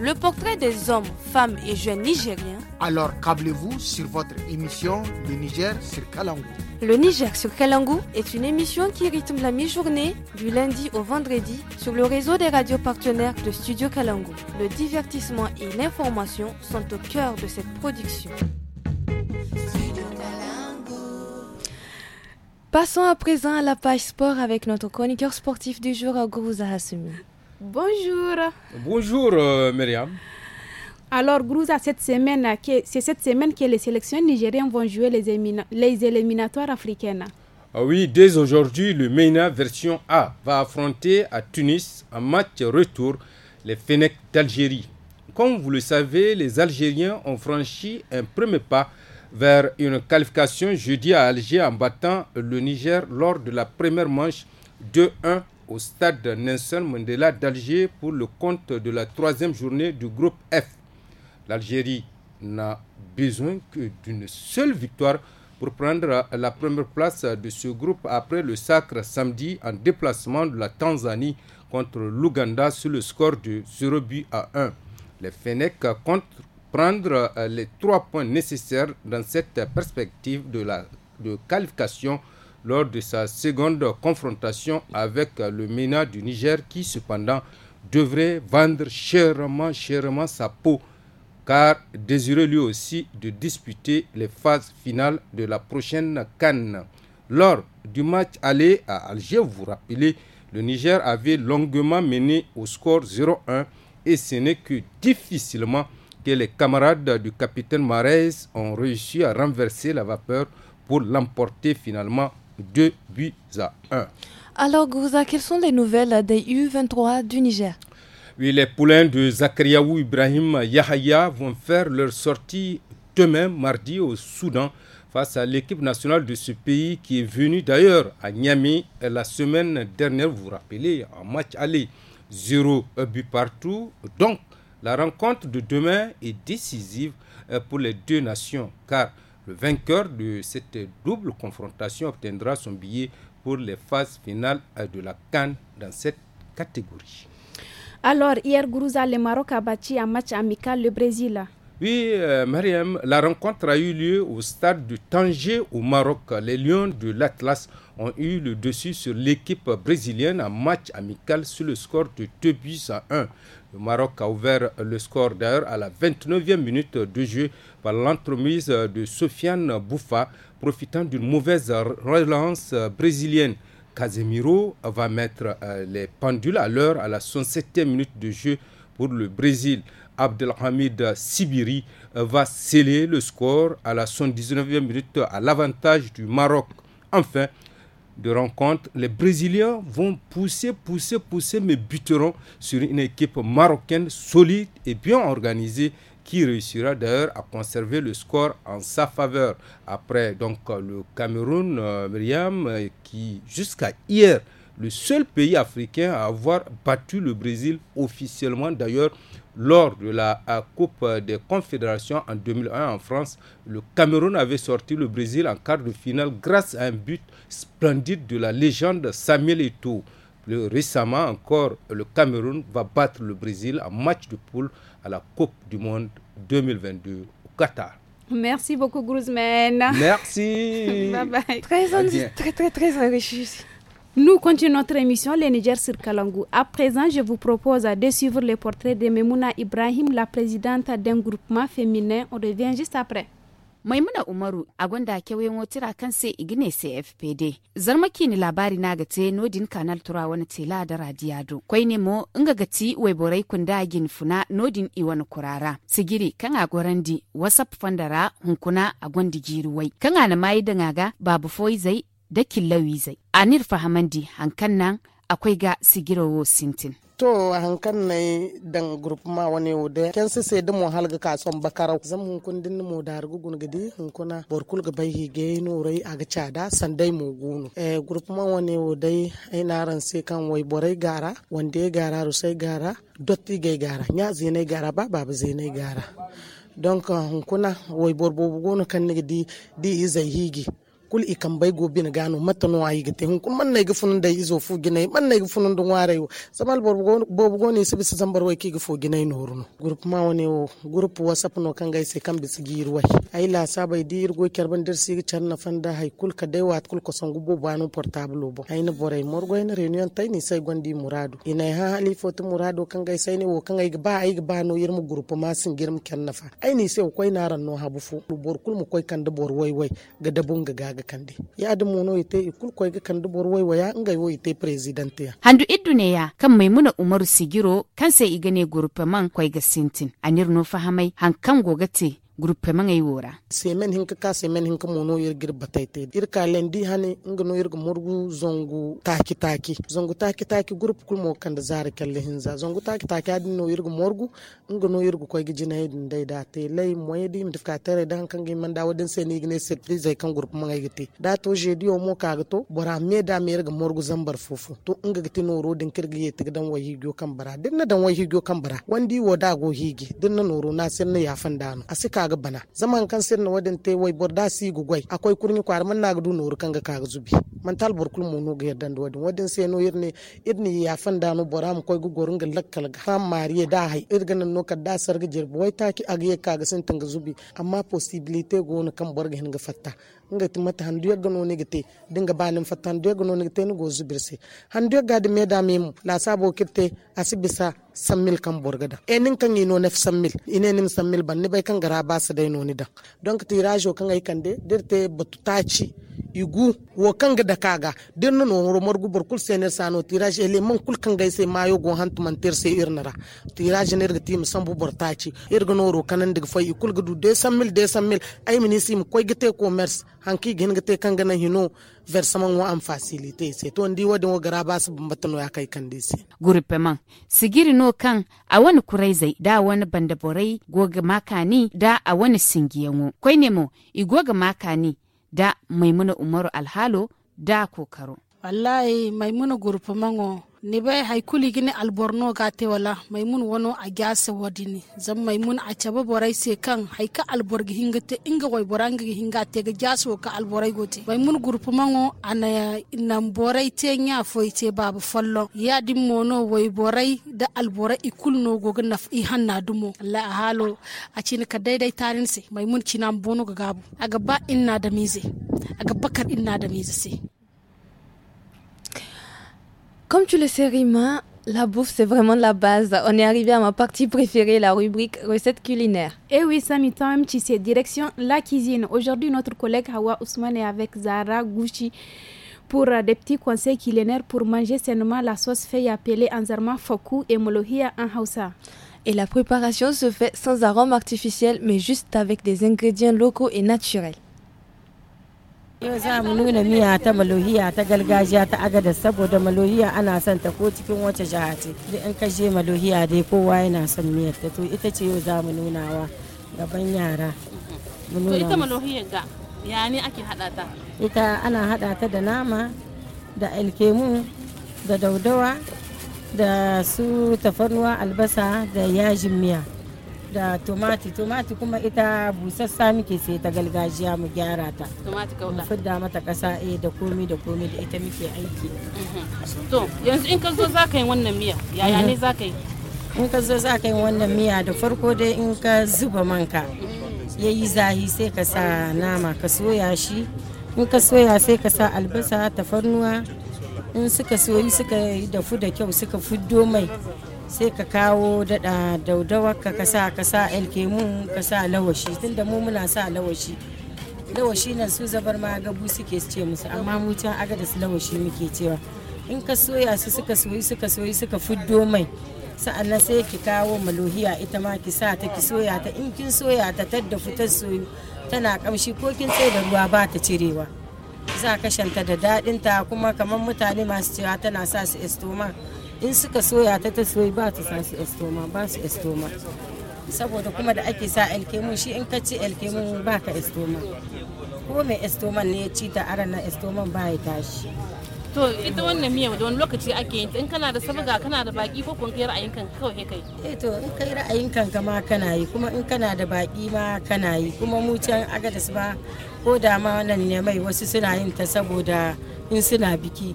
le portrait des hommes, femmes et jeunes nigériens. Alors câblez-vous sur votre émission Le Niger sur Kalangou. Le Niger sur Kalangou est une émission qui rythme la mi-journée du lundi au vendredi sur le réseau des radios partenaires de Studio Kalangou. Le divertissement et l'information sont au cœur de cette production. Passons à présent à la page sport avec notre chroniqueur sportif du jour, Agouza Zahasumi. Bonjour. Bonjour euh, Myriam. Alors Grouza, cette semaine, c'est cette semaine que les sélections nigériennes vont jouer les, les éliminatoires africaines. Ah oui, dès aujourd'hui, le MENA version A va affronter à Tunis en match retour les Fenech d'Algérie. Comme vous le savez, les Algériens ont franchi un premier pas vers une qualification jeudi à Alger en battant le Niger lors de la première manche 2-1 au stade Nelson Mandela d'Alger pour le compte de la troisième journée du groupe F. L'Algérie n'a besoin que d'une seule victoire pour prendre la première place de ce groupe après le sacre samedi en déplacement de la Tanzanie contre l'Ouganda sur le score de 0 but à 1. Les Fenech comptent prendre les trois points nécessaires dans cette perspective de la de qualification lors de sa seconde confrontation avec le MENA du Niger qui cependant devrait vendre chèrement, chèrement sa peau car désireux lui aussi de disputer les phases finales de la prochaine Cannes. Lors du match aller à Alger, vous vous rappelez, le Niger avait longuement mené au score 0-1 et ce n'est que difficilement que les camarades du capitaine Marais ont réussi à renverser la vapeur pour l'emporter finalement 2 buts à 1. Alors Gouza, quelles sont les nouvelles des U23 du Niger Oui, les poulains de Zakariaou Ibrahim Yahaya vont faire leur sortie demain mardi au Soudan face à l'équipe nationale de ce pays qui est venue d'ailleurs à Niamey la semaine dernière, vous vous rappelez, en match aller. 0 euh, but partout. Donc, la rencontre de demain est décisive euh, pour les deux nations car le vainqueur de cette double confrontation obtiendra son billet pour les phases finales de la Cannes dans cette catégorie. Alors, hier, Gourouza, le Maroc a battu un match amical le Brésil. Oui, euh, Mariam, la rencontre a eu lieu au stade de Tanger au Maroc. Les Lions de l'Atlas ont eu le dessus sur l'équipe brésilienne en match amical sur le score de 2 buts à 1. Le Maroc a ouvert le score d'ailleurs à la 29e minute de jeu par l'entremise de Sofiane Bouffa, profitant d'une mauvaise relance brésilienne. Casemiro va mettre euh, les pendules à l'heure à la 67e minute de jeu pour le Brésil. Abdelhamid Sibiri euh, va sceller le score à la 79e minute à l'avantage du Maroc. Enfin, de rencontre. Les Brésiliens vont pousser, pousser, pousser, mais buteront sur une équipe marocaine solide et bien organisée qui réussira d'ailleurs à conserver le score en sa faveur. Après, donc, le Cameroun, Miriam, euh, Myriam, euh, qui jusqu'à hier, le seul pays africain à avoir battu le Brésil officiellement d'ailleurs lors de la euh, Coupe des Confédérations en 2001 en France, le Cameroun avait sorti le Brésil en quart de finale grâce à un but splendide de la légende Samuel Eto'o. récemment encore, le Cameroun va battre le Brésil en match de poule à la Coupe du Monde 2022 au Qatar. Merci beaucoup, Guzman. Merci. bye bye. Très, très, très, très nous continuons notre émission Les Niger sur Kalangou. À présent, je vous propose de suivre le portrait de Memouna Ibrahim, la présidente d'un groupement féminin. On revient juste après. maimuna umaru a gwanda kewayen wotira kan sai igine cfpd zarmaki ni labari na gace nodin kanal turawa na tela da radiyado kwai ne mo inga kunda gin funa nodin iwan sigiri kanga agorandi wasap fandara hunkuna a gwandi giruwai kan ana babu dakin lawi zai nirfa hamandi hankan nan akwai ga sigirawo sintin to hankan yi dan group wani wude ken su sai dum halga kason bakarau zan hun kun din mu da gu gun gidi hun kuna borkul ga bai hige no rai aga chada sandai mu gunu eh group wani wude ai ran sai kan wai borai gara wande gara rusai gara dotti gai gara nya zine gara ba babu zine gara donc hunkuna wai borbo gunu kan ni di di izai higi kul i kan bai go bin gano mata no kun izo fu gine man nay gafun dun ware yo samal bo goni sibi sa zambar wai ki gafu gine no hurno grup ma woni wo whatsapp no kan se la hay wat banu portable bo morgo ina reunion ni gondi muradu ina ha hali foto muradu kan gai sai ne wo kan ba no yirmu group ma sin girm Kennafa. nafa ni sai ko ina ran no habu fu bor kul mu ga kandi ya da mono ite ikul koy ga kandi bor wai waya nga yo ite president ya handu iddu ne ya kan maimuna umaru sigiro kan sai igane gurfaman kwai ga sintin anir no fahamai hankan gogate grupe mangay e wora semen hinka ka semen hinka mono ir ka len di hani ngano go murgu zongu taki taki zongu taki taki grup mo kanda zare kelle hinza zongu taki taki murgu ngi no ngano go koy gijina hedin ndey da te lay moy di mdifka tere dan kangi manda wadin seni gne surprise e kan grup mangay e gite da to di o mo kaga to bora me da me go murgu zambar fufu to nga gite no din kirgi yete gidan wayi gyo kan bara na dan wayi gyo kan bara wandi da go higi no ro na sinna yafan dano asika kaga bana zama kan na wadin te wai da si gugwai akwai kurni kwar man na gudu no kan ga kaga zubi man tal bor kulmu no ga yaddan wadin wadin sai no yirne idni ya fan da no boram koy gugorun ga lakkal ga mariye da hay irgan no da sarga jirbo wai taki aga ka kaga sun tanga zubi amma possibility go no kan ga hin ga fatta ngati mata handuya gano ne gite dinga banin fatta handuya gano ne gite ni gozu birse handuya gadi me da la sabo kitte asibisa sammil kan borgada e nin kan yino nef sammil ine nim sammil ban ni bai kan gara ba su dai noni da donc tirajo kan ai kande dirte batu igu wo kanga da kaga din no horo morgu bor kul sene sano tiraje ele man kul kanga se mayo go hantu man ter se irnara tiraje ner gati mi sambu bor taci irgo no ro kanan dig fay kul gudu 200 mil 200 mil ay minisi mi koy gite commerce hanki gen gite kanga na hino versement wa am facilité se to ndi wadin wo gara bas bambatano ya kai kan disi gurpe man sigiri no kan a wani kurai da wani bandaborai goga makani da a wani singiyanwo koy nemo igoga makani da maimuna umaru alhalo da kokaro wallahi maimuna mango ni bai haikuli gini alborno ga te wala maimun wano a gyasa wadini zan maimun a caba borai se kan haika albor gi hinga te inga wai boran gi hinga te ga gyasa ka alborai gote maimun mango ana nan borai te nya foi te babu fallo ya din mono wai borai da alborai ikul no go na i hanna dumo la halo a cini ka daidai tarin se maimun kinan bono ga gabu a gaba inna da mize a gaba kar inna da mize se Comme tu le sais, Rima, la bouffe, c'est vraiment la base. On est arrivé à ma partie préférée, la rubrique recettes culinaires. Eh oui, Samy tu sais, direction la cuisine. Aujourd'hui, notre collègue Hawa Ousmane est avec Zara Gouchi pour euh, des petits conseils culinaires pour manger sainement la sauce feuille appelée Anzarma Foku et Molohia en Et la préparation se fait sans arôme artificiel, mais juste avec des ingrédients locaux et naturels. Yau za mu nuna miya ta malohiya ta gargajiya ta agada saboda malohiya ana son ta ko cikin wace jiha ce. Duk in ka je malohiya dai kowa yana son miyar ta to ita ce yau za mu nunawa gaban yara. To ita malohiyar ga ya ne ake haɗa ta? Ita ana haɗa ta da nama da alkemu da daudawa da su tafarnuwa albasa da yajin miya. da tomati tomati kuma ita busassa muke sai ta gargajiya mu gyara ta tomati kauda mu fidda mata kasa eh da komi da komi da ita muke aiki mhm. to yanzu in ka zo za ka yi wannan miya yaya ne za ka yi in ka zo za ka yi wannan miya da farko dai in ka zuba manka ya yi zahi sai ka sa nama ka soya shi in ka soya sai ka sa albasa tafarnuwa in suka soyi suka dafu da kyau suka fuddo mai sai ka kawo daɗa daudawar ka kasa ka sa alkemu ka sa lawashi tunda mu muna sa lawashi lawashi nan su zabar ma gabu suke ce musu amma mu can aga da su lawashi muke cewa in ka soya su suka soyi suka soyi suka fuddo mai sa'annan sai ki kawo malohiya ita ma ki sa ta ki soya ta in kin soya ta tadda fitar soyu tana kamshi ko kin tsaye da ruwa ba ta cirewa za ka shanta da daɗinta kuma kamar mutane masu cewa tana sa su estoma in suka soya ta ta soyi ba ta sa su estoma ba su estoma saboda kuma da ake sa alkemun shi in ka ci alkemun ba ka estoma ko mai estoman ne ya ci ta aran na estoman ba ya tashi to ita wannan miya da wani lokaci ake yin in kana da sabga kana da baki ko kun kai ra'ayin kan kawai kai eh to in kai ra'ayin kan ka ma kana yi kuma in kana da baki ma kana yi kuma mu can agadas ba ko da ma wannan ne mai wasu suna yin ta saboda in suna biki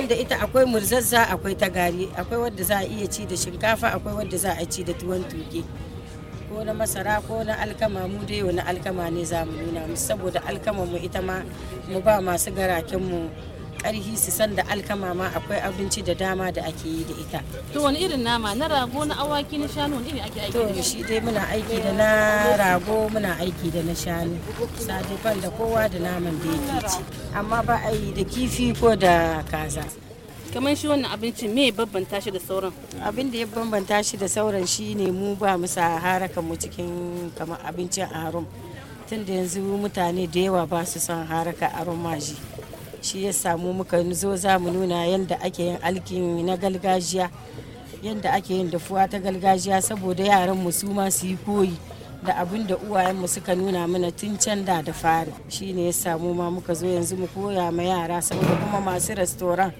da ita akwai murzazza akwai ta gari akwai wadda za a iya ci da shinkafa akwai wadda za a ci da tuwon tuke ko na masara ko na alkama mu yau na alkama ne za mu nuna mu saboda alkama mu ita ma mu ba masu garaken mu karhi su san da alkama ma akwai abinci da dama da ake yi da ita to wani irin nama na rago na awaki na shanu wani irin ake aiki to shi dai muna aiki da na rago muna aiki da na shanu sadifan da kowa da naman da yake ci amma ba a yi da kifi ko da kaza kamar shi wannan abincin me bambanta shi da sauran abin da ya bambanta shi da sauran shine mu ba mu sa harakan mu cikin kamar abincin arum tunda yanzu mutane da yawa ba su son haraka arum maji shi ya samu muka zo za mu nuna yadda ake yin alkin na gargajiya yadda ake yin dafuwa ta gargajiya saboda yaran mu su ma su yi koyi da abin da uwayenmu suka nuna mana tun can da da fari shi ne ya samu ma muka zo yanzu mu koya ma yara saboda kuma masu restoran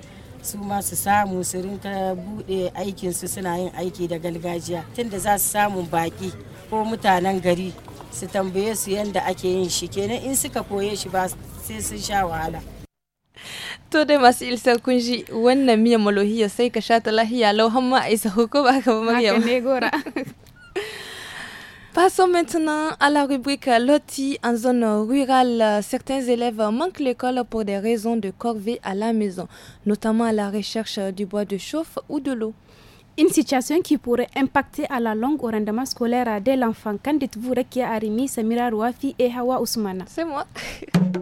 su ma su samu su rinka buɗe aikinsu suna yin aiki da gargajiya tunda za su samu baƙi ko mutanen gari su tambaye su yadda ake yin shi kenan in suka koye shi ba sai sun sha wahala Passons maintenant à la rubrique Loti en zone rurale. Certains élèves manquent l'école pour des raisons de corvée à la maison, notamment à la recherche du bois de chauffe ou de l'eau. Une situation qui pourrait impacter à la longue au rendement scolaire dès l'enfant. Qu'en dites-vous, Rekia Arimi, Samira Rouafi et Hawa Ousmana C'est moi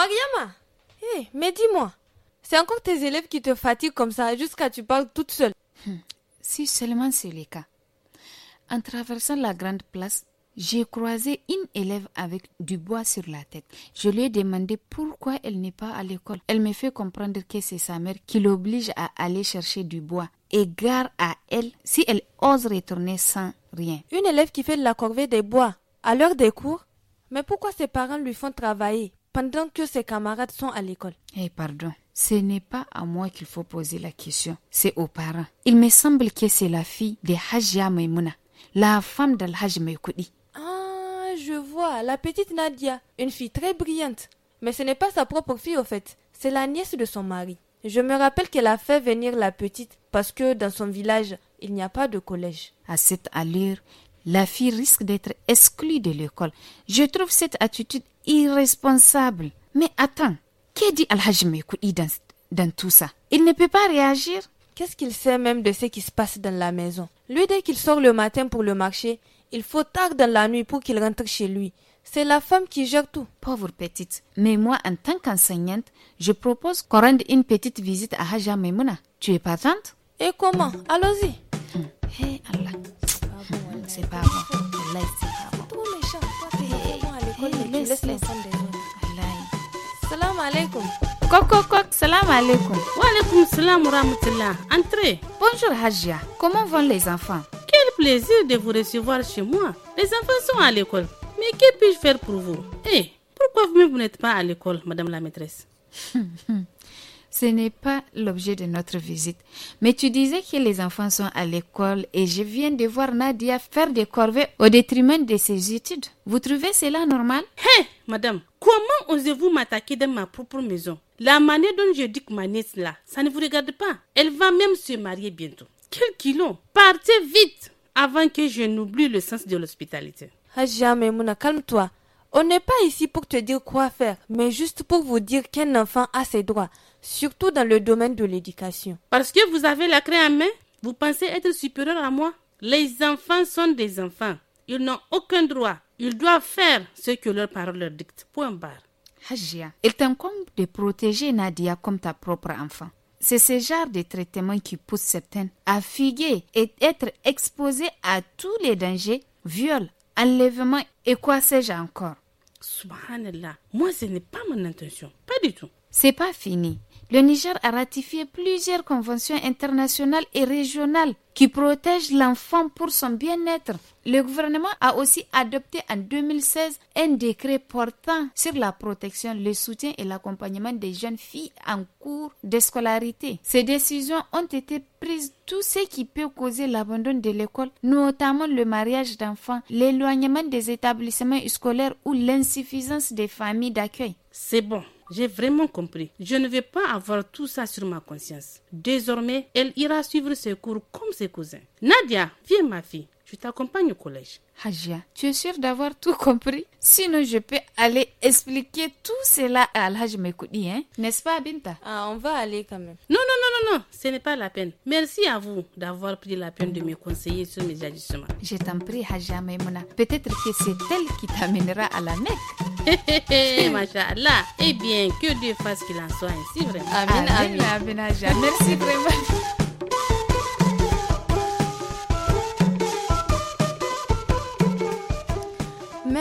Mariama eh, mais dis-moi, c'est encore tes élèves qui te fatiguent comme ça jusqu'à tu parles toute seule. Hmm. Si seulement c'est le cas. En traversant la grande place, j'ai croisé une élève avec du bois sur la tête. Je lui ai demandé pourquoi elle n'est pas à l'école. Elle me fait comprendre que c'est sa mère qui l'oblige à aller chercher du bois. Et gare à elle si elle ose retourner sans rien. Une élève qui fait la corvée des bois à l'heure des cours Mais pourquoi ses parents lui font travailler pendant que ses camarades sont à l'école. Eh pardon, ce n'est pas à moi qu'il faut poser la question, c'est aux parents. Il me semble que c'est la fille de Hajia Maimouna, la femme de hajj Maïkoudi. Ah, je vois, la petite Nadia, une fille très brillante. Mais ce n'est pas sa propre fille au fait, c'est la nièce de son mari. Je me rappelle qu'elle a fait venir la petite parce que dans son village, il n'y a pas de collège. À cette allure, la fille risque d'être exclue de l'école. Je trouve cette attitude irresponsable. Mais attends, qu'est dit Al-Hajj dans, dans tout ça Il ne peut pas réagir Qu'est-ce qu'il sait même de ce qui se passe dans la maison Lui, dès qu'il sort le matin pour le marché, il faut tard dans la nuit pour qu'il rentre chez lui. C'est la femme qui gère tout. Pauvre petite. Mais moi, en tant qu'enseignante, je propose qu'on rende une petite visite à Haja Memouna. Tu es partante Et comment Allons-y. Hum. Hé Allah ses parents. Il laisse ses parents. Trop méchant. Toi, tes enfants à l'école, mais tu laisses les femmes des autres. Salam alaikum. kok. salam alaikum. Wa alaikum salam rahmatullah. Entrez. Bonjour Hajia. Comment vont les enfants Quel plaisir de vous recevoir chez moi. Les enfants sont à l'école. Mais que puis-je faire pour vous Eh, hey, pourquoi vous-même vous n'êtes pas à l'école, madame la maîtresse ce n'est pas l'objet de notre visite. Mais tu disais que les enfants sont à l'école et je viens de voir Nadia faire des corvées au détriment de ses études. Vous trouvez cela normal Hé, hein, madame, comment osez-vous m'attaquer dans ma propre maison La manière dont je dis que ma nièce là, ça ne vous regarde pas. Elle va même se marier bientôt. Quel kilo Partez vite avant que je n'oublie le sens de l'hospitalité. Ah, jamais Mouna, calme-toi. On n'est pas ici pour te dire quoi faire, mais juste pour vous dire qu'un enfant a ses droits surtout dans le domaine de l'éducation. Parce que vous avez la craie en main, vous pensez être supérieur à moi Les enfants sont des enfants. Ils n'ont aucun droit. Ils doivent faire ce que leur parole leur dicte. Point barre. Hajia, il t'encombe de protéger Nadia comme ta propre enfant. C'est ce genre de traitement qui pousse certaines à figuer et être exposées à tous les dangers, viols, enlèvements et quoi sais-je encore. Subhanallah, moi ce n'est pas mon intention, pas du tout. C'est pas fini le Niger a ratifié plusieurs conventions internationales et régionales qui protègent l'enfant pour son bien-être. Le gouvernement a aussi adopté en 2016 un décret portant sur la protection, le soutien et l'accompagnement des jeunes filles en cours de scolarité. Ces décisions ont été prises tout ce qui peut causer l'abandon de l'école, notamment le mariage d'enfants, l'éloignement des établissements scolaires ou l'insuffisance des familles d'accueil. C'est bon. J'ai vraiment compris. Je ne vais pas avoir tout ça sur ma conscience. Désormais, elle ira suivre ses cours comme ses cousins. Nadia, viens ma fille. Je t'accompagne au collège. Hajia, tu es sûre d'avoir tout compris Sinon, je peux aller expliquer tout cela à Alhaj Mekoudi, hein N'est-ce pas, Binta Ah, on va aller quand même. Non, non, non, non, non, ce n'est pas la peine. Merci à vous d'avoir pris la peine de me conseiller sur mes ajustements. Je t'en prie, Hajia Maimouna. Peut-être que c'est elle qui t'amènera à la Mecque. Hé, hé, Eh bien, que Dieu fasse qu'il en soit ainsi, vraiment. Amen, amen. amen, Haja. Merci vraiment.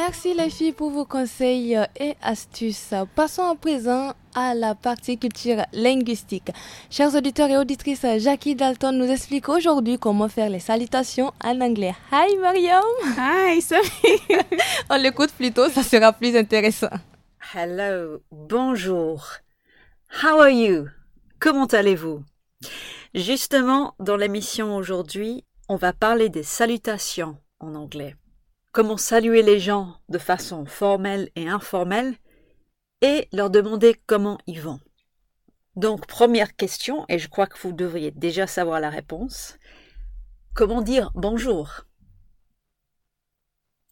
Merci les filles pour vos conseils euh, et astuces. Passons à présent à la partie culture linguistique. Chers auditeurs et auditrices, Jackie Dalton nous explique aujourd'hui comment faire les salutations en anglais. Hi Mariam. Hi Sophie. On l'écoute plutôt, ça sera plus intéressant. Hello, bonjour. How are you? Comment allez-vous? Justement, dans l'émission aujourd'hui, on va parler des salutations en anglais comment saluer les gens de façon formelle et informelle et leur demander comment ils vont. Donc première question, et je crois que vous devriez déjà savoir la réponse, comment dire bonjour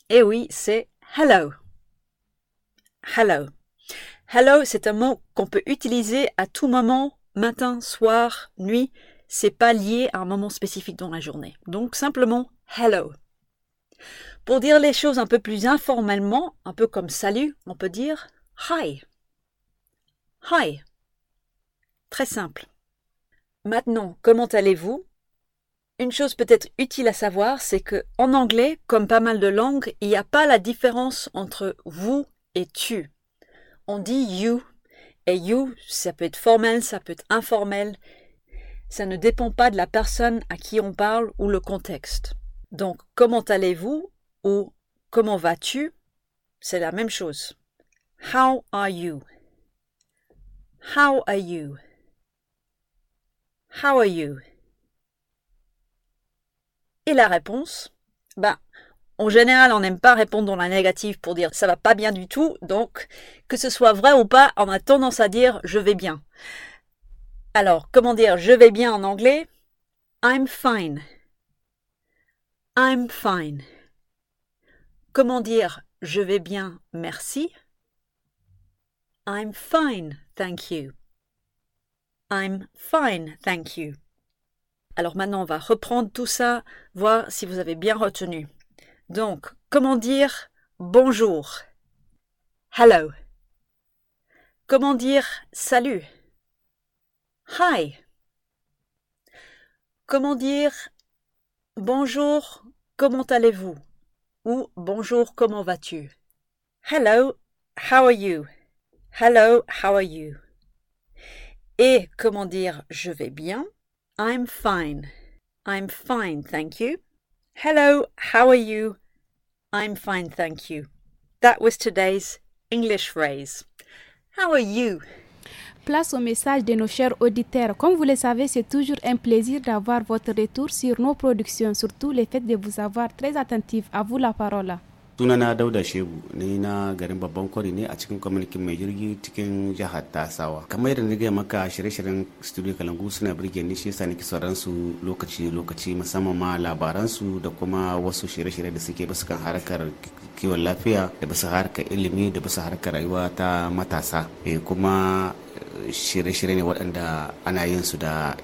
Eh oui, c'est hello. Hello. Hello, c'est un mot qu'on peut utiliser à tout moment, matin, soir, nuit. C'est pas lié à un moment spécifique dans la journée. Donc simplement hello. Pour dire les choses un peu plus informellement, un peu comme salut, on peut dire hi. Hi. Très simple. Maintenant, comment allez-vous Une chose peut-être utile à savoir, c'est que en anglais, comme pas mal de langues, il n'y a pas la différence entre vous et tu. On dit you et you, ça peut être formel, ça peut être informel. Ça ne dépend pas de la personne à qui on parle ou le contexte. Donc, comment allez-vous ou comment vas-tu, c'est la même chose. How are you? How are you? How are you? Et la réponse Ben, en général, on n'aime pas répondre dans la négative pour dire ça va pas bien du tout, donc que ce soit vrai ou pas, on a tendance à dire je vais bien. Alors, comment dire je vais bien en anglais I'm fine. I'm fine. Comment dire je vais bien, merci I'm fine, thank you. I'm fine, thank you. Alors maintenant, on va reprendre tout ça, voir si vous avez bien retenu. Donc, comment dire bonjour Hello. Comment dire salut Hi. Comment dire bonjour, comment allez-vous ou bonjour, comment vas-tu? Hello, how are you? Hello, how are you? Et comment dire je vais bien? I'm fine. I'm fine, thank you. Hello, how are you? I'm fine, thank you. That was today's English phrase. How are you? place au message de nos chers auditeurs. Comme vous le savez, c'est toujours un plaisir d'avoir votre retour sur nos productions, surtout le fait de vous avoir très attentif. À vous la parole. sunana dauda shebu ne na garin babban kwari ne a cikin kwamitin mai jirgi cikin jihar tasawa kamar yadda na maka shirye-shiryen studio kalangu suna birge ni shi yasa nake sauran su lokaci lokaci musamman ma labaran su da kuma wasu shirye-shirye da suke basu kan harkar kiwon lafiya da basu harkar ilimi da basu harkar rayuwa ta matasa e kuma shirye-shirye ne waɗanda ana yin su da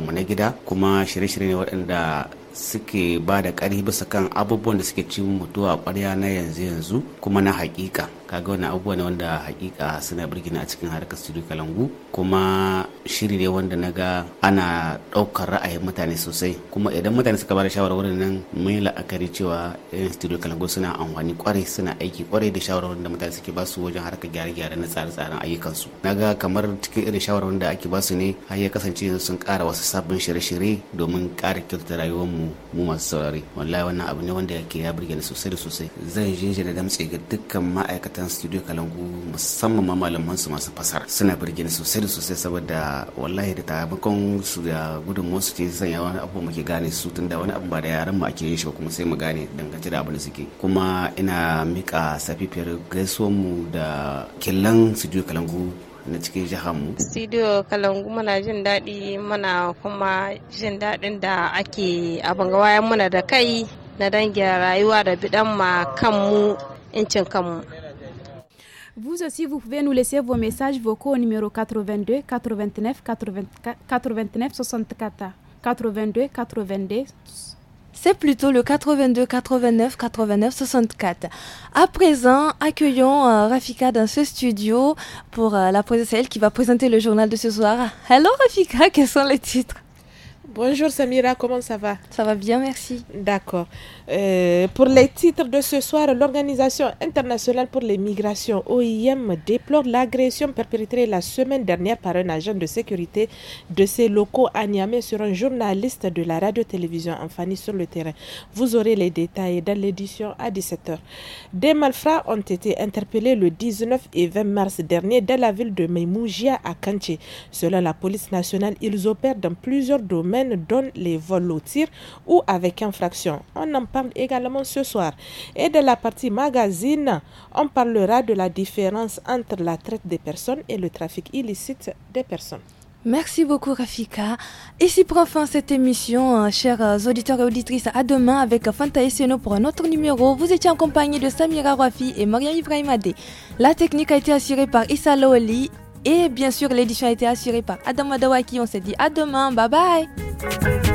mu na gida kuma shirye-shirye ne waɗanda suke ba da ƙarfi bisa kan abubuwan da suke cin mutuwa ƙwarya na yanzu-yanzu kuma na haƙiƙa kaga wani abubuwa ne wanda hakika suna birgina a cikin harkar studio kalangu kuma shiri ne wanda na ga ana ɗaukar ra'ayin mutane sosai kuma idan mutane suka bada shawarwarin nan mun la'akari cewa yan studio kalangu suna amfani kwarai suna aiki kwarai da shawarwarin da mutane suke basu wajen harkar gyare-gyare na tsare-tsaren ayyukansu na ga kamar cikin irin shawarwarin da ake basu ne har ya kasance sun kara wasu sabbin shirye-shirye domin kara kyautata rayuwarmu mu masu saurari wallahi wannan abu ne wanda yake ya birgina sosai da sosai zan jinjina damtse ga dukkan ma'aikata ma'aikatan studio kalangu musamman ma malaman su masu fasara suna birge sosai da sosai saboda wallahi da tabakon su da gudun su ke sanya wani abu muke gane su tunda wani abu ba da yaran mu ake yin shi kuma sai mu gane dangance da abin da suke kuma ina mika safifiyar gaisuwar mu da killan studio kalangu na cikin jihar mu. Studio Kalangu muna jin daɗi muna kuma jin daɗin da ake abin gawayen muna da kai na dangin rayuwa da bidan ma kanmu incin kanmu. Vous aussi, vous pouvez nous laisser vos messages vocaux au numéro 82 89 84, 89 64 82 82 c'est plutôt le 82 89 89 64. À présent, accueillons euh, Rafika dans ce studio pour euh, la la elle qui va présenter le journal de ce soir. Hello Rafika, quels sont les titres Bonjour Samira, comment ça va Ça va bien, merci. D'accord. Euh, pour les titres de ce soir, l'Organisation internationale pour les migrations, OIM, déplore l'agression perpétrée la semaine dernière par un agent de sécurité de ses locaux à Niamey sur un journaliste de la radio-télévision en Anfani sur le terrain. Vous aurez les détails dans l'édition à 17h. Des malfrats ont été interpellés le 19 et 20 mars dernier dans la ville de Meimougia à Kanché. Selon la police nationale, ils opèrent dans plusieurs domaines Donne les vols au tir ou avec infraction. On en parle également ce soir. Et de la partie magazine, on parlera de la différence entre la traite des personnes et le trafic illicite des personnes. Merci beaucoup Rafika. Ici prend fin cette émission, hein, chers euh, auditeurs et auditrices. À demain avec Fanta Esseno pour un autre numéro. Vous étiez en compagnie de Samira Rafi et Maria Ibrahimade. La technique a été assurée par Issa Loli. Et bien sûr, l'édition a été assurée par Adam Madawaki. On s'est dit à demain. Bye bye.